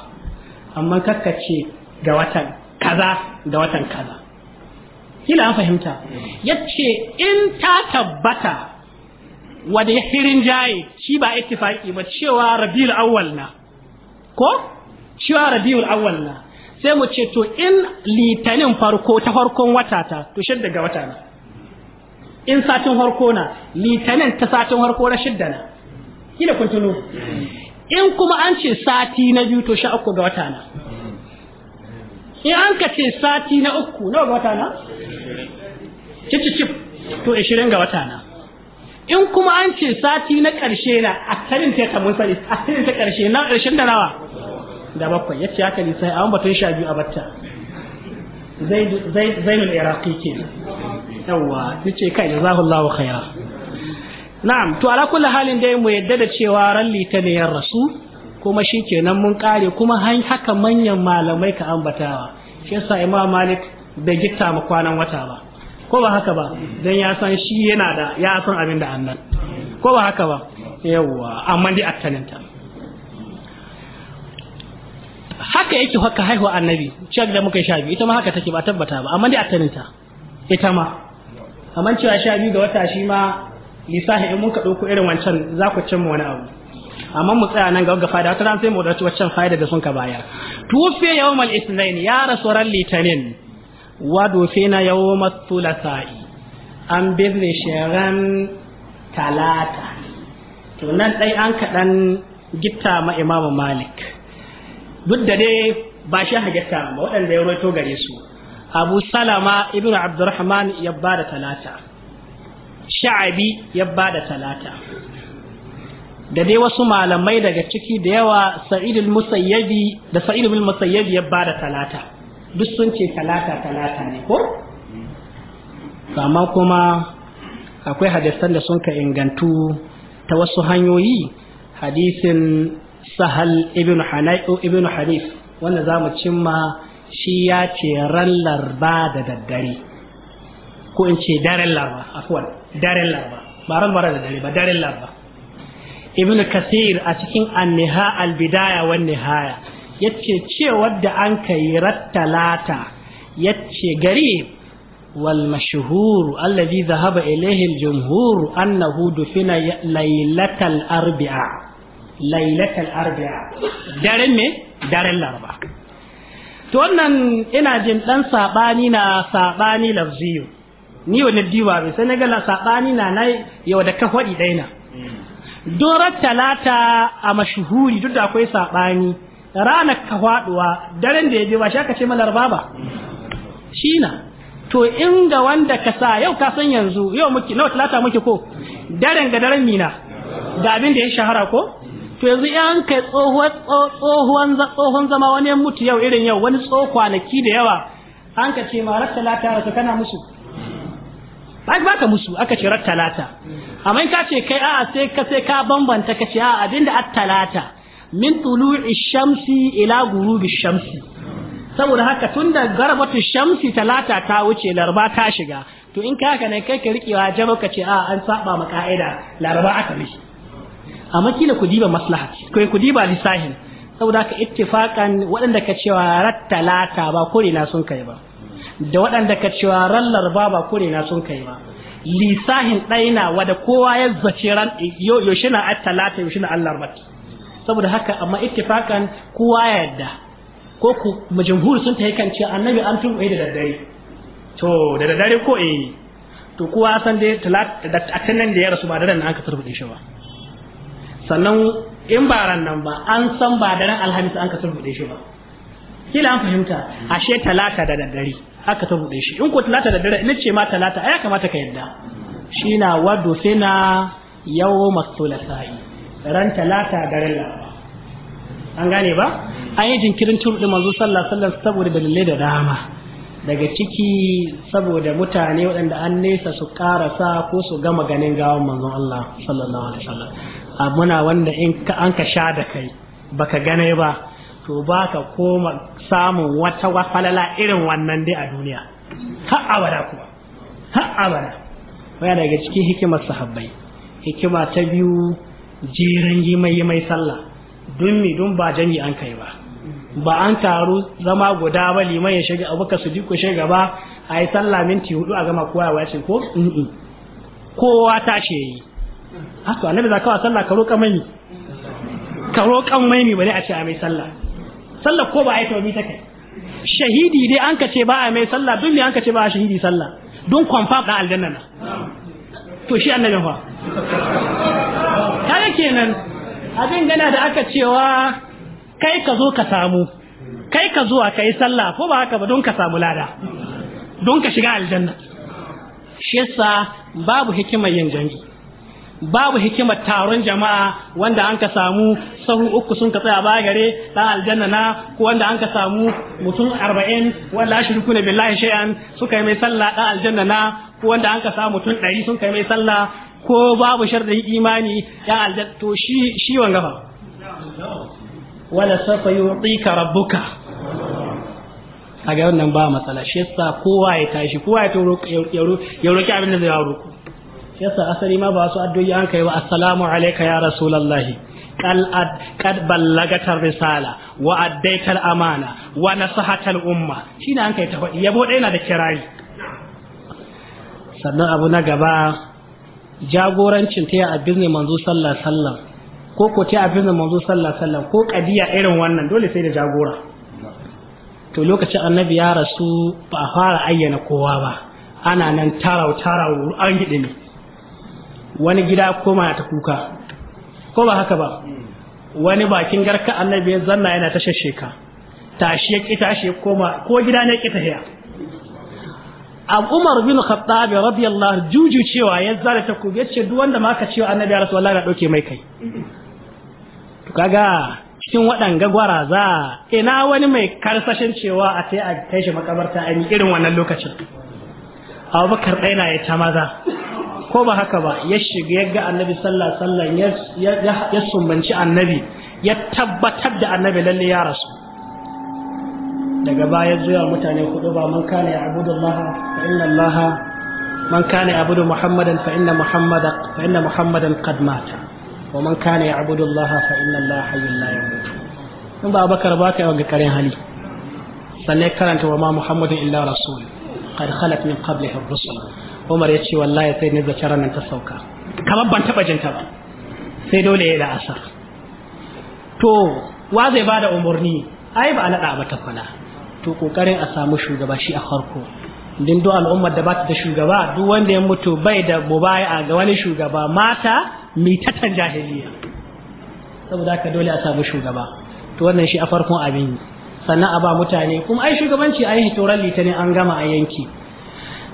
amma kakkace ga watan kaza ga watan kaza kila an fahimta yace in ta tabbata wanda ya hirin jaye shi ba ittifaki ba cewa rabiul awwal na ko shi biyun rabiul na sai mu ce to in litinin farko ta farkon wata ta to shidda ga wata na in satin farko na litinin ta satin farko na shidda na kila kun tuno in kuma an ce sati na biyu to sha uku ga wata na in an ka ce sati na uku nawa ga wata na cicicip to 20 ga wata na in kuma an ce sati na ƙarshe na a ta ta mun sani asirin ta ƙarshe na ƙarshen da nawa da bakwai ya ce haka ne sai an batun sha biyu a batta zainul iraqi ke yawa yace kai jazakallahu khaira na'am to ala kulli halin dai mu yadda da cewa ran yar rasu kuma shikenan mun kare kuma haka manyan malamai ka ambatawa shi yasa imam malik bai gitta mu kwanan wata ba ko ba haka ba dan ya san shi yana da ya san abin da annan ko ba haka ba yawa amma dai attaninta haka yake haka haihuwa annabi cewa da muka sha biyu ita ma haka take ba tabbata ba amma dai a taninta ita ma amma cewa sha biyu ga wata shi ma lissafi in muka ɗauko irin wancan za ku cimma wani abu amma mu tsaya nan ga wagga fa'ida wata ran sai mu ɗauki wancan fa'ida da sun ka bayar tufe yawmal isnain ya rasu ran litinin wa dufina yawmal thulatha'i an birne sharan talata to nan dai an kaɗan gitta ma imamu malik duk da dai ba shi hajjata ba waɗanda ya roto gare su abu salama ibn abdurrahman ya ba da talata sha'abi ya ba da talata da dai wasu malamai daga ciki da yawa Sa'idul musayyabi da Sa'idul musayyabi ya ba da talata duk sun ce talata talata ne ko amma kuma akwai hadisan da sun ka ingantu ta wasu hanyoyi hadisin sahal ibn hanai'u hanif wanda za mu cimma shi ya ce ran larba da daddare ko in ce daren larba afuwan daren larba ba ran da daddare ba daren larba ibn kasir a cikin anniha albidaya wan nihaya yace cewar da an kai rattalata yace gari wal والمشهور الذي ذهب إليه الجمهور أنه دفن ليلة الأربعاء lailatul arba'a dare me daren laraba to wannan ina jin dan sabani na sabani lafziyo ni wani diwa bai sai na ga sabani na nai yau da ka faɗi daina dorar talata a mashuhuri duk da akwai sabani ranar ka faɗuwa daren da ya je ba shi aka ce mana laraba ba shi to in ga wanda ka sa yau ka san yanzu yau muke nawa talata muke ko daren ga daren mina da abin da ya shahara ko to yanzu yan kai tsohuwan tsohon zama wani mutu yau irin yau wani tsohon kwanaki da yawa an ka ce ma rattalata rasu kana musu ba ka musu aka ce rattalata amma in ka ce kai a'a sai ka sai ka bambanta ka ce a'a abinda attalata min tulu'i shamsi ila ghurubi shamsi saboda haka tunda garbatu shamsi talata ta wuce larba ta shiga to in ka haka ne kai ka rikewa jama ka ce a an saba ma ka'ida laraba aka mishi amma kila ku diba maslaha ko ku diba lisahin saboda ka ittifaqan waɗanda ka cewa rattalata ba kore na sun kai ba da waɗanda ka cewa rallar ba ba kore na sun kai ba lisahin ɗaina wada kowa ya zace ran yaushe na attalata yaushe na allar ba saboda haka amma ittifaqan kowa ya yadda ko ku majumhur sun ta kan cewa annabi an tun da daddare to da daddare ko eh to kowa san dai talata da atanan da ya rasu ba da nan an ka turbude shi ba sannan in ba ran nan ba an san ba daren alhamis an ka turbuɗe shi ba kila an fahimta ashe talata da daddare aka turbuɗe shi in ko talata da daddare ina ce ma talata ai kamata ka yadda shi na wado sai na yawo mastulasai ran talata daren laraba an gane ba an yi jinkirin turɗe manzo sallah sallah saboda dalilai da dama daga ciki saboda mutane waɗanda an nesa su ƙarasa ko su gama ganin gawan manzon Allah sallallahu alaihi wasallam muna wanda in an ka sha da kai baka gane ba to ba ka koma samun wata falala irin wannan dai a duniya har abada kuma har abada waya daga cikin hikimar sahabbai hikima ta biyu jiran yi mai sallah dun mi dun ba jami an kai ba ba an taru zama guda ba liman ya shiga abu ka su diko shiga ba a yi sallah minti hudu a gama kowa ya ce ko kowa tashi ya yi haka annabi za ka wa sallah ka roƙa mai ka roƙan mai mi bane a ce a mai sallah sallah ko ba a yi tawbi ta kai shahidi dai an ka ce ba a mai sallah duk ne an ka ce ba a shahidi sallah don kwamfa da aljanna na to shi annabi fa kai kenan abin gana da aka cewa kai ka zo ka samu kai ka zuwa ka yi sallah ko ba haka ba don ka samu lada don ka shiga aljanna shi yasa babu hikimar yin jangi. babu hikimar taron jama'a wanda an ka samu sahu uku sun ka tsaya ba gare ɗan aljanna na ko wanda an ka samu mutum 40 wanda ashirku ne billahi shay'an suka yi mai sallah ɗan aljanna na ko wanda an ka samu mutum 100 sun kai mai sallah ko babu da imani dan aljanna to shi shi wanga fa wala safa yu'tika rabbuka kaga wannan ba matsala shi yasa kowa ya tashi kowa ya roƙi abin da zai roki yasa asali ma ba su addu'o'i an kai wa assalamu alayka ya rasulullahi qad tar risala wa addaita amana wa nasahata al-umma shine an kai ta yabo dai na da kirari sannan abu na gaba jagorancin ta a bizne manzo sallallahu alaihi wasallam ko ko ta a bizne manzo sallallahu alaihi wasallam ko kadiya irin wannan dole sai da jagora to lokacin annabi ya rasu ba a fara ayyana kowa ba ana nan tarau tarau an ne wani gida koma ta kuka ko ba haka ba wani bakin garka annabi ya zanna yana ta shasheka tashi ya ki tashi koma ko gida ne ki tahiya Abu Umar bin Khattab radiyallahu juju cewa ya zara ta kuka yace duk wanda ma ka cewa annabi rasulullahi na dauke mai kai to kaga cikin waɗanga gwaraza ina wani mai karsashin cewa a sai a kai shi makabarta a irin wannan lokacin abubakar ɗaya na ya ta maza ko ba haka ba ya shiga ya ga annabi sallallahu alaihi wasallam ya sumbanci annabi ya tabbatar da annabi lalle ya rasu daga baya zuwa mutane hudu ba man kana ya abudu Allah fa inna Allah man kana ya abudu Muhammadan fa inna Muhammadan fa inna Muhammadan qad mata wa man kana ya abudu Allah fa inna Allah hayyun la yamut in ba Abakar ba ka yi ga karen hali sannan karanta wa ma Muhammadun illa rasul qad khalat min qablihi ar-rusul Umar ya ce wallahi sai ne zace ranar ta sauka kamar ban taba jinta ba sai dole ya da asar to wa zai bada umarni ai ba alada ba ta kwana to kokarin a samu shugaba shi a farko din do al'ummar da ba ta da shugaba duk wanda ya mutu bai da mubaya ga wani shugaba mata mitatan jahiliya saboda haka dole a samu shugaba to wannan shi a farkon abin sannan a ba mutane kuma ai shugabanci ai hitoran litinin an gama a yanki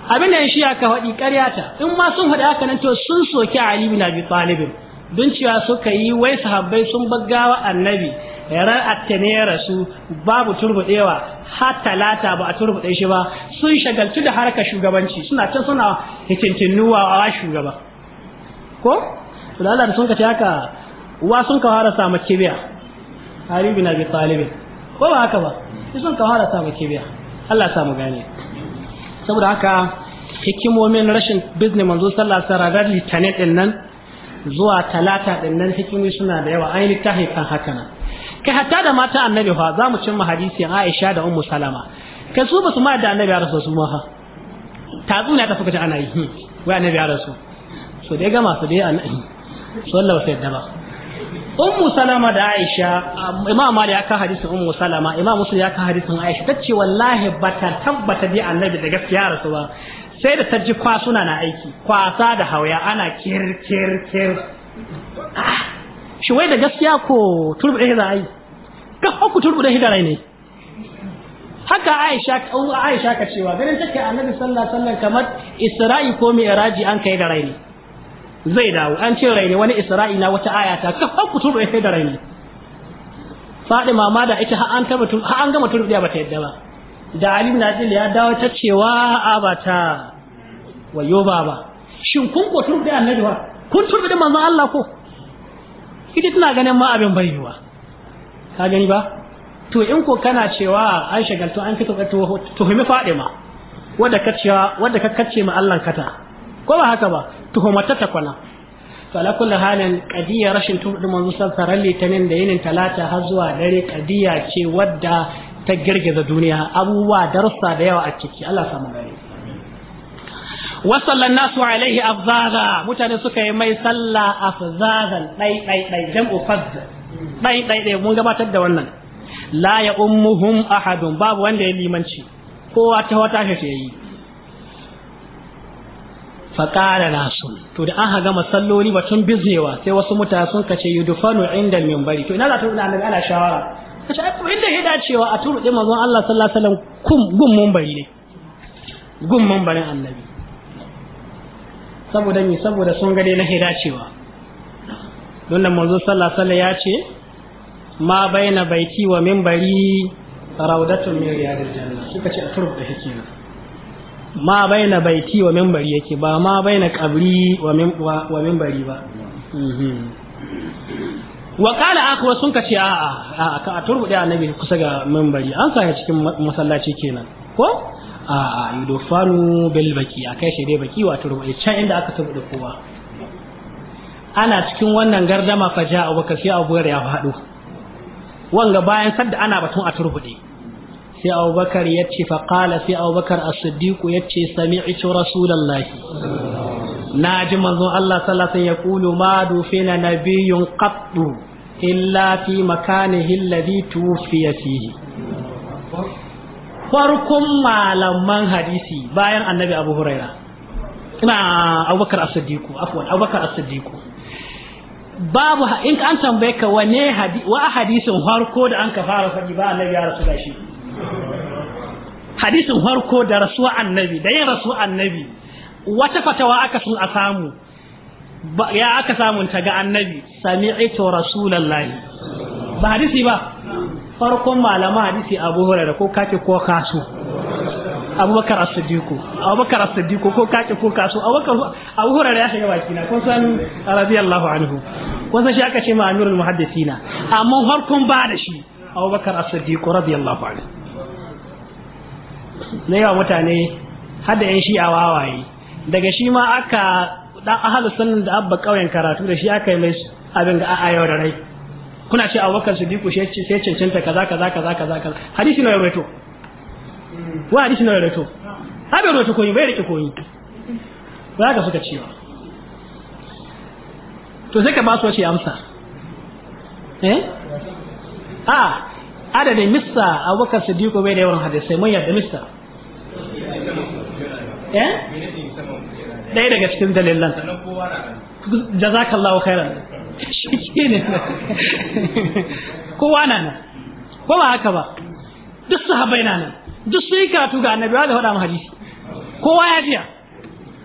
abin da ya shi aka faɗi ƙaryata in ma sun faɗi haka nan to sun soki Ali bin Abi Talib don cewa suka yi wai sahabbai sun baggawa annabi ran attane ya rasu babu turbuɗewa har talata ba a turbuɗe shi ba sun shagaltu da harkar shugabanci suna can suna hikintinuwa a shugaba ko to da Allah da sun ka haka wa sun ka fara sa kibiya? biya Ali bin Abi Talib ko ba haka ba sun ka fara sa kibiya? biya Allah ya samu gane saboda haka hikimomin rashin bizni manzo sallallahu alaihi wasallam da litanin din nan zuwa talata din nan hikimi suna da yawa ayi ta kan haka nan kai hatta da mata annabi fa za mu cimma hadisi Aisha da Ummu Salama kai su ba su ma da annabi rasu su ma fa ta fuka ana yi wai annabi rasu so dai ya gama dai annabi sallallahu alaihi wasallam ummu salama da aisha um, imam mali ya ka hadisin ummu salama imam Musul ya ka hadisin aisha tace wallahi bata tabbata bi annabi da gaskiya rasu ba sai da taji kwasuna na aiki kwasa da hauya ana kir kir kir ah, shi wai da gaskiya ko turbu da hidara ai ka hukku turbu da hidara ne haka aisha aisha ka cewa ganin take annabi sallallahu alaihi wasallam kamar isra'i ko mi'raji an kai da rai ne zai dawo an ce raini wani Isra'ila wata ayata ka kafan ku turo sai da raini fadima ma da ita har an har an gama turo ba ta yadda ba da ali na dil ya dawo ta cewa a ba ta wayo ba. shin kun ko turo da annabi wa kun turo da manzo Allah ko kidi tana ganin ma abin bai yiwa ka gani ba to in ko kana cewa an shagaltu an fito tuhumi fadima wadda ka wanda wadda ka kace ma Allah kata ko ba haka ba tuhumata ta kwana to ala halin qadiya rashin tudu manzo sallallahu litinin da yinin talata har zuwa dare qadiya ce wadda ta girgiza duniya abubuwa darussa da yawa a ciki Allah samu gare wasallan nasu alaihi afzaza mutane suka yi mai sallah afzazan dai dai dai jam'u fazz dai dai dai mun gabatar da wannan la ya ummuhum ahadun babu wanda ya limanci kowa ta wata shi yi faƙara nasu to da aka gama salloli batun bizewa sai wasu mutane sun kace yudufanu inda minbari to ina za ta nuna annabi ana shawara kace ai inda ya wa a turɗe manzon Allah sallallahu alaihi wasallam kum gun minbari ne gun minbarin annabi saboda ni saboda sun ga dai na cewa don nan manzon sallallahu alaihi wasallam ya ce ma baina baiti wa minbari raudatun min riyadil janna suka ce a turɗe kenan ma baina baiti wa membari yake ba ma baina kabri wa membari ba mhm. wa aka wasu sun kace a a a turbude annabi kusa ga membari an sa cikin masallaci kenan ko a a yudofanu bil baki a shi dai baki wa turbude can inda aka da kowa ana cikin wannan gardama faja abubakar sai abubakar ya faɗo wanga bayan sadda ana batun a turbude sai abubakar ya ce faƙala sai abubakar a siddiƙu ya ce sami ico rasulallahi na ji manzon Allah sallasan ya ƙulu ma dufe na nabiyun ƙaɗu illa fi makanihin ladhi tufiya fihi farkon malaman hadisi bayan annabi abu huraira ina abubakar as-siddiqu abubakar as babu in an tambaye ka wane wa hadisin farko da an ka fara faɗi ba annabi ya rasu da shi hadisin farko da rasuwa annabi da yin rasuwa annabi wata fatawa aka sun a samu ya aka samun ta ga annabi sami'tu rasulallahi ba hadisi ba farkon malama hadisi abu hurairah ko kake ko kasu abubakar as-siddiqu abubakar as-siddiqu ko kake ko kasu abubakar abu hurairah ya shiga baki na kun san radiyallahu anhu wannan shi aka ce ma amirul muhaddisina amma farkon ba da shi abubakar as-siddiqu radiyallahu anhu na yawa mutane har da yan shi'a wawaye daga shi ma aka dan ahalu sannan da abba ƙauyen karatu da shi aka yi mai abin ga a yau da rai kuna ce abubakar su shi sai cancanta kaza kaza kaza kaza kaza hadisi na rawaito wa hadisi na rawaito har da koyi bai rike koyi ba ka suka cewa to sai ka ba su wace amsa eh a adadin mista abubakar siddiqu bai da yawan hadisai mun yarda mista Eh? ɗaya daga cikin dalilan jazakallahu khairan shi ne kowa na nan ko ba haka ba duk sahabbai na nan duk su yi karatu ga annabi da faɗa mu hadisi kowa ya jiya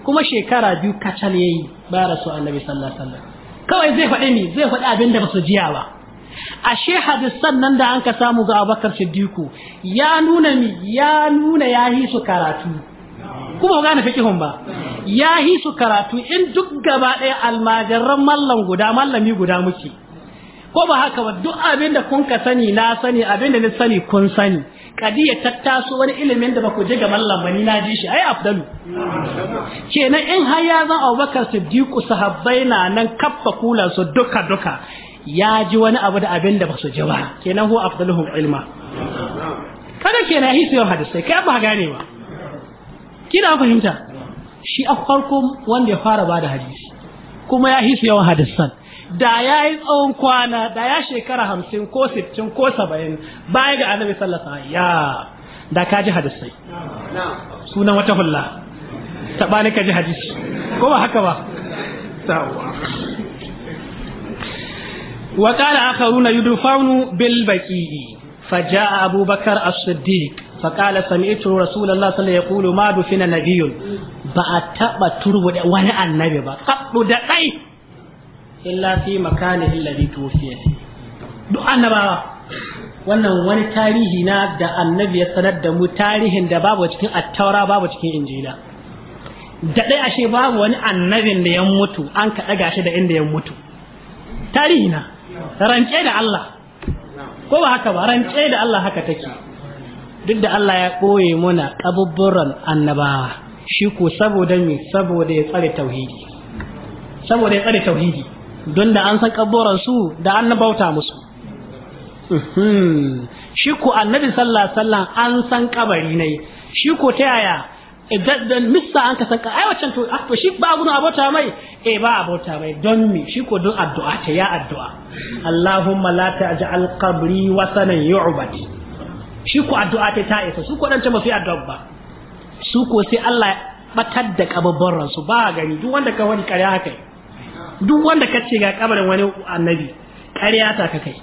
kuma shekara biyu kacal yayi ba rasu annabi sallallahu alaihi wasallam kawai zai faɗi ni zai faɗi abinda ba su jiya ba ashe hadisan nan da an ka samu ga Abakar Siddiku ya nuna mi ya nuna ya yi su karatu kuma gane kihun ba ya yi su karatu in duk gaba ɗaya almajiran mallam guda mallami guda muke ko ba haka ba duk abin da kun ka sani na sani abin da ni sani kun sani kadiya ta wani ilimin da ba ku ji ga mallam ba ni na ji shi ai afdalu kenan in har ya zan abubakar siddiqu sahabbai na nan kaffa kula su duka duka ya ji wani abu da abin da ba su ji ba kenan hu afdaluhum ilma kada kenan yi su hadisai kai ba gane ba kina fahimta shi a farko wanda ya fara bada hadisi kuma ya hisu yawan hadisan da ya yi tsawon kwana da ya shekara hamsin ko sittin ko saba'in baya ga annabi sallasa ya da ka ji hadisai sunan wata hulla taɓa ka ji hadisi ko ba haka ba wa qala akharuna yudfa'u bil Abubakar فجاء أبو بكر الصديق فقال سمعت رسول الله صلى الله عليه وسلم يقول ما دفن نبي بأتبا تربد ولا النبي قبل دقي إلا في مكانه الذي توفي فيه duk annabawa wannan wani tarihi na da annabi ya sanar da mu tarihin da babu cikin attaura babu cikin injila da ashe babu wani annabin da ya mutu an kaɗa gashi da inda ya mutu tarihi na rance da Allah ko ba haka ba rance da Allah haka take duk da Allah ya koye muna kabubburan annabawa shi ko saboda me saboda ya tsare tauhidi saboda ya tsare tauhidi don da an san kaburan su da an bauta musu uhm. shi ko annabi sallallahu alaihi wasallam an san kabari ne shi ko ta yaya Eh, dan missa an ka sanka ai wancan to ah, to shi ba gudun abota mai eh ba abota mai don me shi ko don addu'a ta ya addu'a Allahumma la taj'al qabri wasanan yu'bad shi ko addu'a ta ta isa su ko dan ta mafi addu'a ba su ko sai Allah ya batar da kababban ransu ba gani duk wanda ka wani ƙarya haka duk wanda ka ce ga kabarin wani annabi ƙarya ta ka kai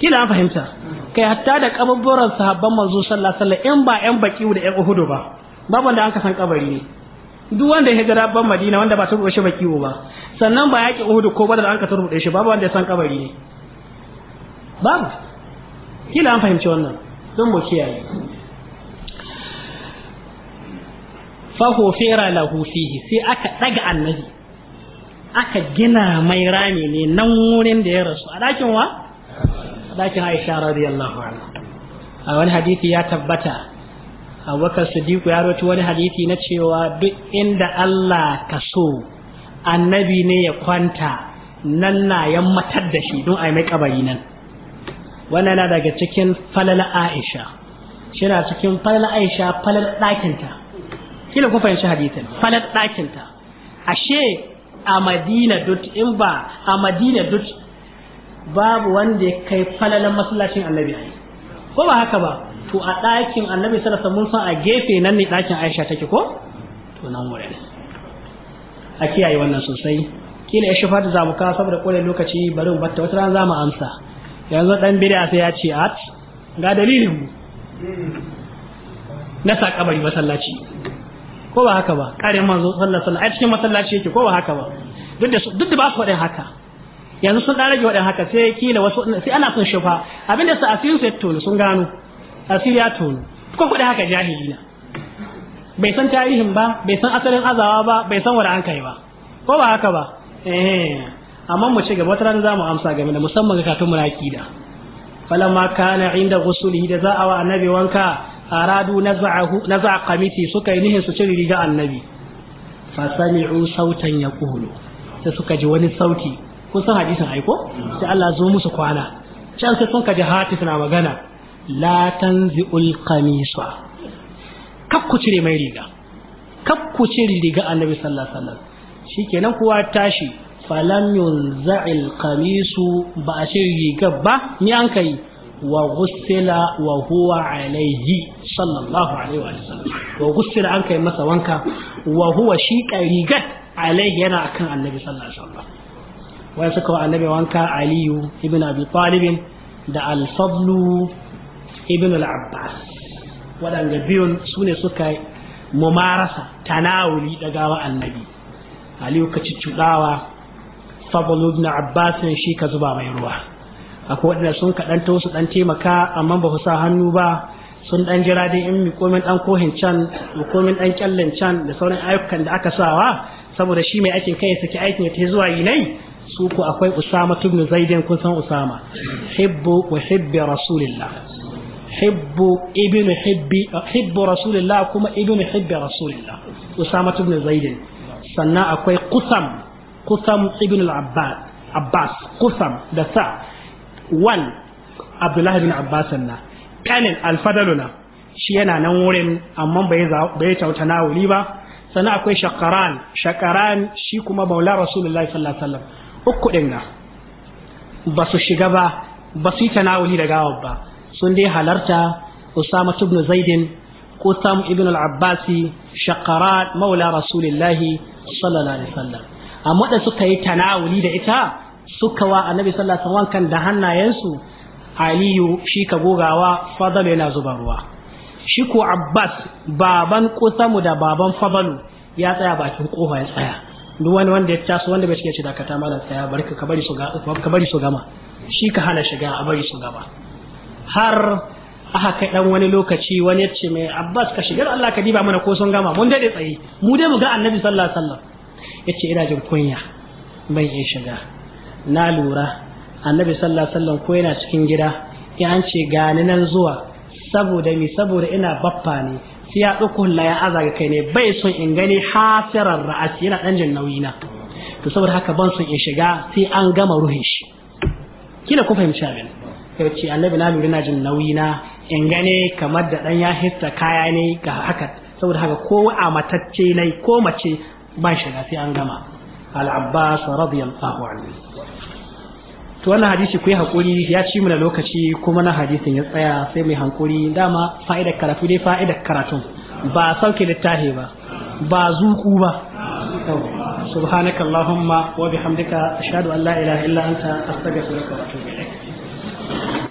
kila an fahimta kai hatta da ransu habban manzo sallallahu alaihi wasallam in ba yan baki da yan uhudu ba baban da an kasan kabari ne duk wanda ya gara ban madina wanda ba turbe shi ba kiwo ba sannan ba yaƙi uhudu ko badar an ka turbe shi babu wanda ya san kabari ne babu kila an fahimci wannan don mu kiyaye fira lahu fihi sai aka daga annabi aka gina mai rami ne nan wurin da ya rasu a dakin wa a dakin aisha radiyallahu anha a wani hadisi ya tabbata abubakar sadiku ya rawaito wani hadisi na cewa duk inda Allah ka so annabi ne ya kwanta nan na yammatar da shi don a yi mai kabari nan wannan yana daga cikin falal aisha shi na cikin falal aisha falar ɗakinta kila ku fahimci hadisin falar ɗakinta ashe a madina dut in ba a madina dut babu wanda ya kai falalan masallacin annabi ko ba haka ba to a ɗakin annabi salasa mun san a gefe nan ne ɗakin Aisha take ko to nan wurin a kiyaye wannan sosai kila ya shafa da zamu kawo saboda kore lokaci bari mu batta wata ran mu amsa yanzu dan a sai ya ce at ga dalilin mu na sa kabari masallaci ko ba haka ba karin manzo sallallahu alaihi wasallam a cikin masallaci yake ko ba haka ba duk da duk da ba su faɗin haka yanzu sun rage waɗin haka sai kila wasu sai ana son shafa abinda su asirin sai tolu sun gano asiri ya tonu ko kuɗi haka jahili na bai san tarihin ba bai san asalin azawa ba bai san wani an ba ko ba haka ba eh amma mu ci gaba wata rana za mu amsa game da musamman ga katun muraki da falamma kana inda ghusulihi da za a wa annabi wanka aradu naz'ahu naz'a qamisi suka yi nihin su cire riga annabi fa sami'u sautan yaqulu sai suka ji wani sauti kun san hadisin aiko sai Allah zo musu kwana can sai sun ka ji hati suna magana la tanzi'ul qamisa kaf ku cire mai riga kaf ku cire riga annabi sallallahu alaihi wasallam shikenan kuwa tashi falam yunza'il qamisu ba a cire riga ba ni an kai wa ghussila wa huwa alayhi sallallahu alaihi wasallam wa ghussila an kai masa wanka wa huwa shi rigat alaihi yana akan annabi sallallahu alaihi wasallam wai suka wa annabi wanka aliyu ibn abi da al-fadlu ibn al-abbas waɗanda biyun su ne suka mumarasa tanawuli gawa annabi aliyu ka cuɗawa fadlu ibn abbas shi ka zuba mai ruwa akwai waɗanda sun ka ɗan wasu ɗan taimaka amma ba sa hannu ba sun ɗan jira dai in mi komin ɗan kohin can mi komin ɗan kyallen can da sauran ayyukan da aka sawa saboda shi mai aikin kai saki aikin ya ta zuwa yinai su ko akwai usama ibn zaidin kun san usama hibbu wa hibbi rasulillah hibbu ibn hibbi hibbu rasulillah kuma ibn hibbi rasulillah usama ibn zaid sannan akwai kusam qusam ibn al-abbas da sa wal abdullah ibn abbas na kanin al-fadaluna shi yana nan wurin amma bai bai tauta ba sannan akwai shakaran shakaran shi kuma maula rasulullahi sallallahu alaihi uku din nan ba su shiga ba ba su yi tanawuli da gawar ba sun dai halarta Usama ibn Zaidin Qutam ibn al-Abbasi Shaqarat maula Rasulillahi sallallahu alaihi wasallam amma da suka yi tanawuli da ita suka wa Annabi sallallahu alaihi wasallam kan da hannayensu Aliyu shi ka gogawa Fadal yana zuba ruwa shi ko Abbas baban Kusamu da baban Fadalu ya tsaya bakin kofa ya tsaya duk wani wanda ya taso wanda bai shiga ce dakata da tsaya barka ka bari su ga ka bari su gama shi ka hana shiga a bari su gama har aka kai dan wani lokaci wani yace mai Abbas ka shigar Allah ka diba mana ko sun gama mun dade tsaye mu dai mu ga Annabi sallallahu alaihi wasallam yace ina jin kunya ban iya shiga na lura Annabi sallallahu alaihi wasallam ko yana cikin gida Ya an ce gani nan zuwa saboda mi saboda ina baffa ne sai ya ɗauko ya aza ga kai ne bai son in gani hasirar ra'as yana ɗan jin nauyi na to saboda haka ban son in shiga sai an gama ruhin shi kina ku fahimci abin ya ce annabi na lura na jin nauyi na in gane kamar da dan ya hissa kaya ne ga haka saboda haka ko a matacce ne ko mace ba shiga sai an gama al-abbas radiyallahu anhu to wannan hadisi ku yi hakuri ya ci mana lokaci kuma na hadisin ya tsaya sai mai hankuri dama fa'idar karatu dai fa'idar karatu ba sauke littafi ba ba zuku ba subhanakallahumma wa bihamdika ashhadu an la ilaha illa anta astaghfiruka wa atubu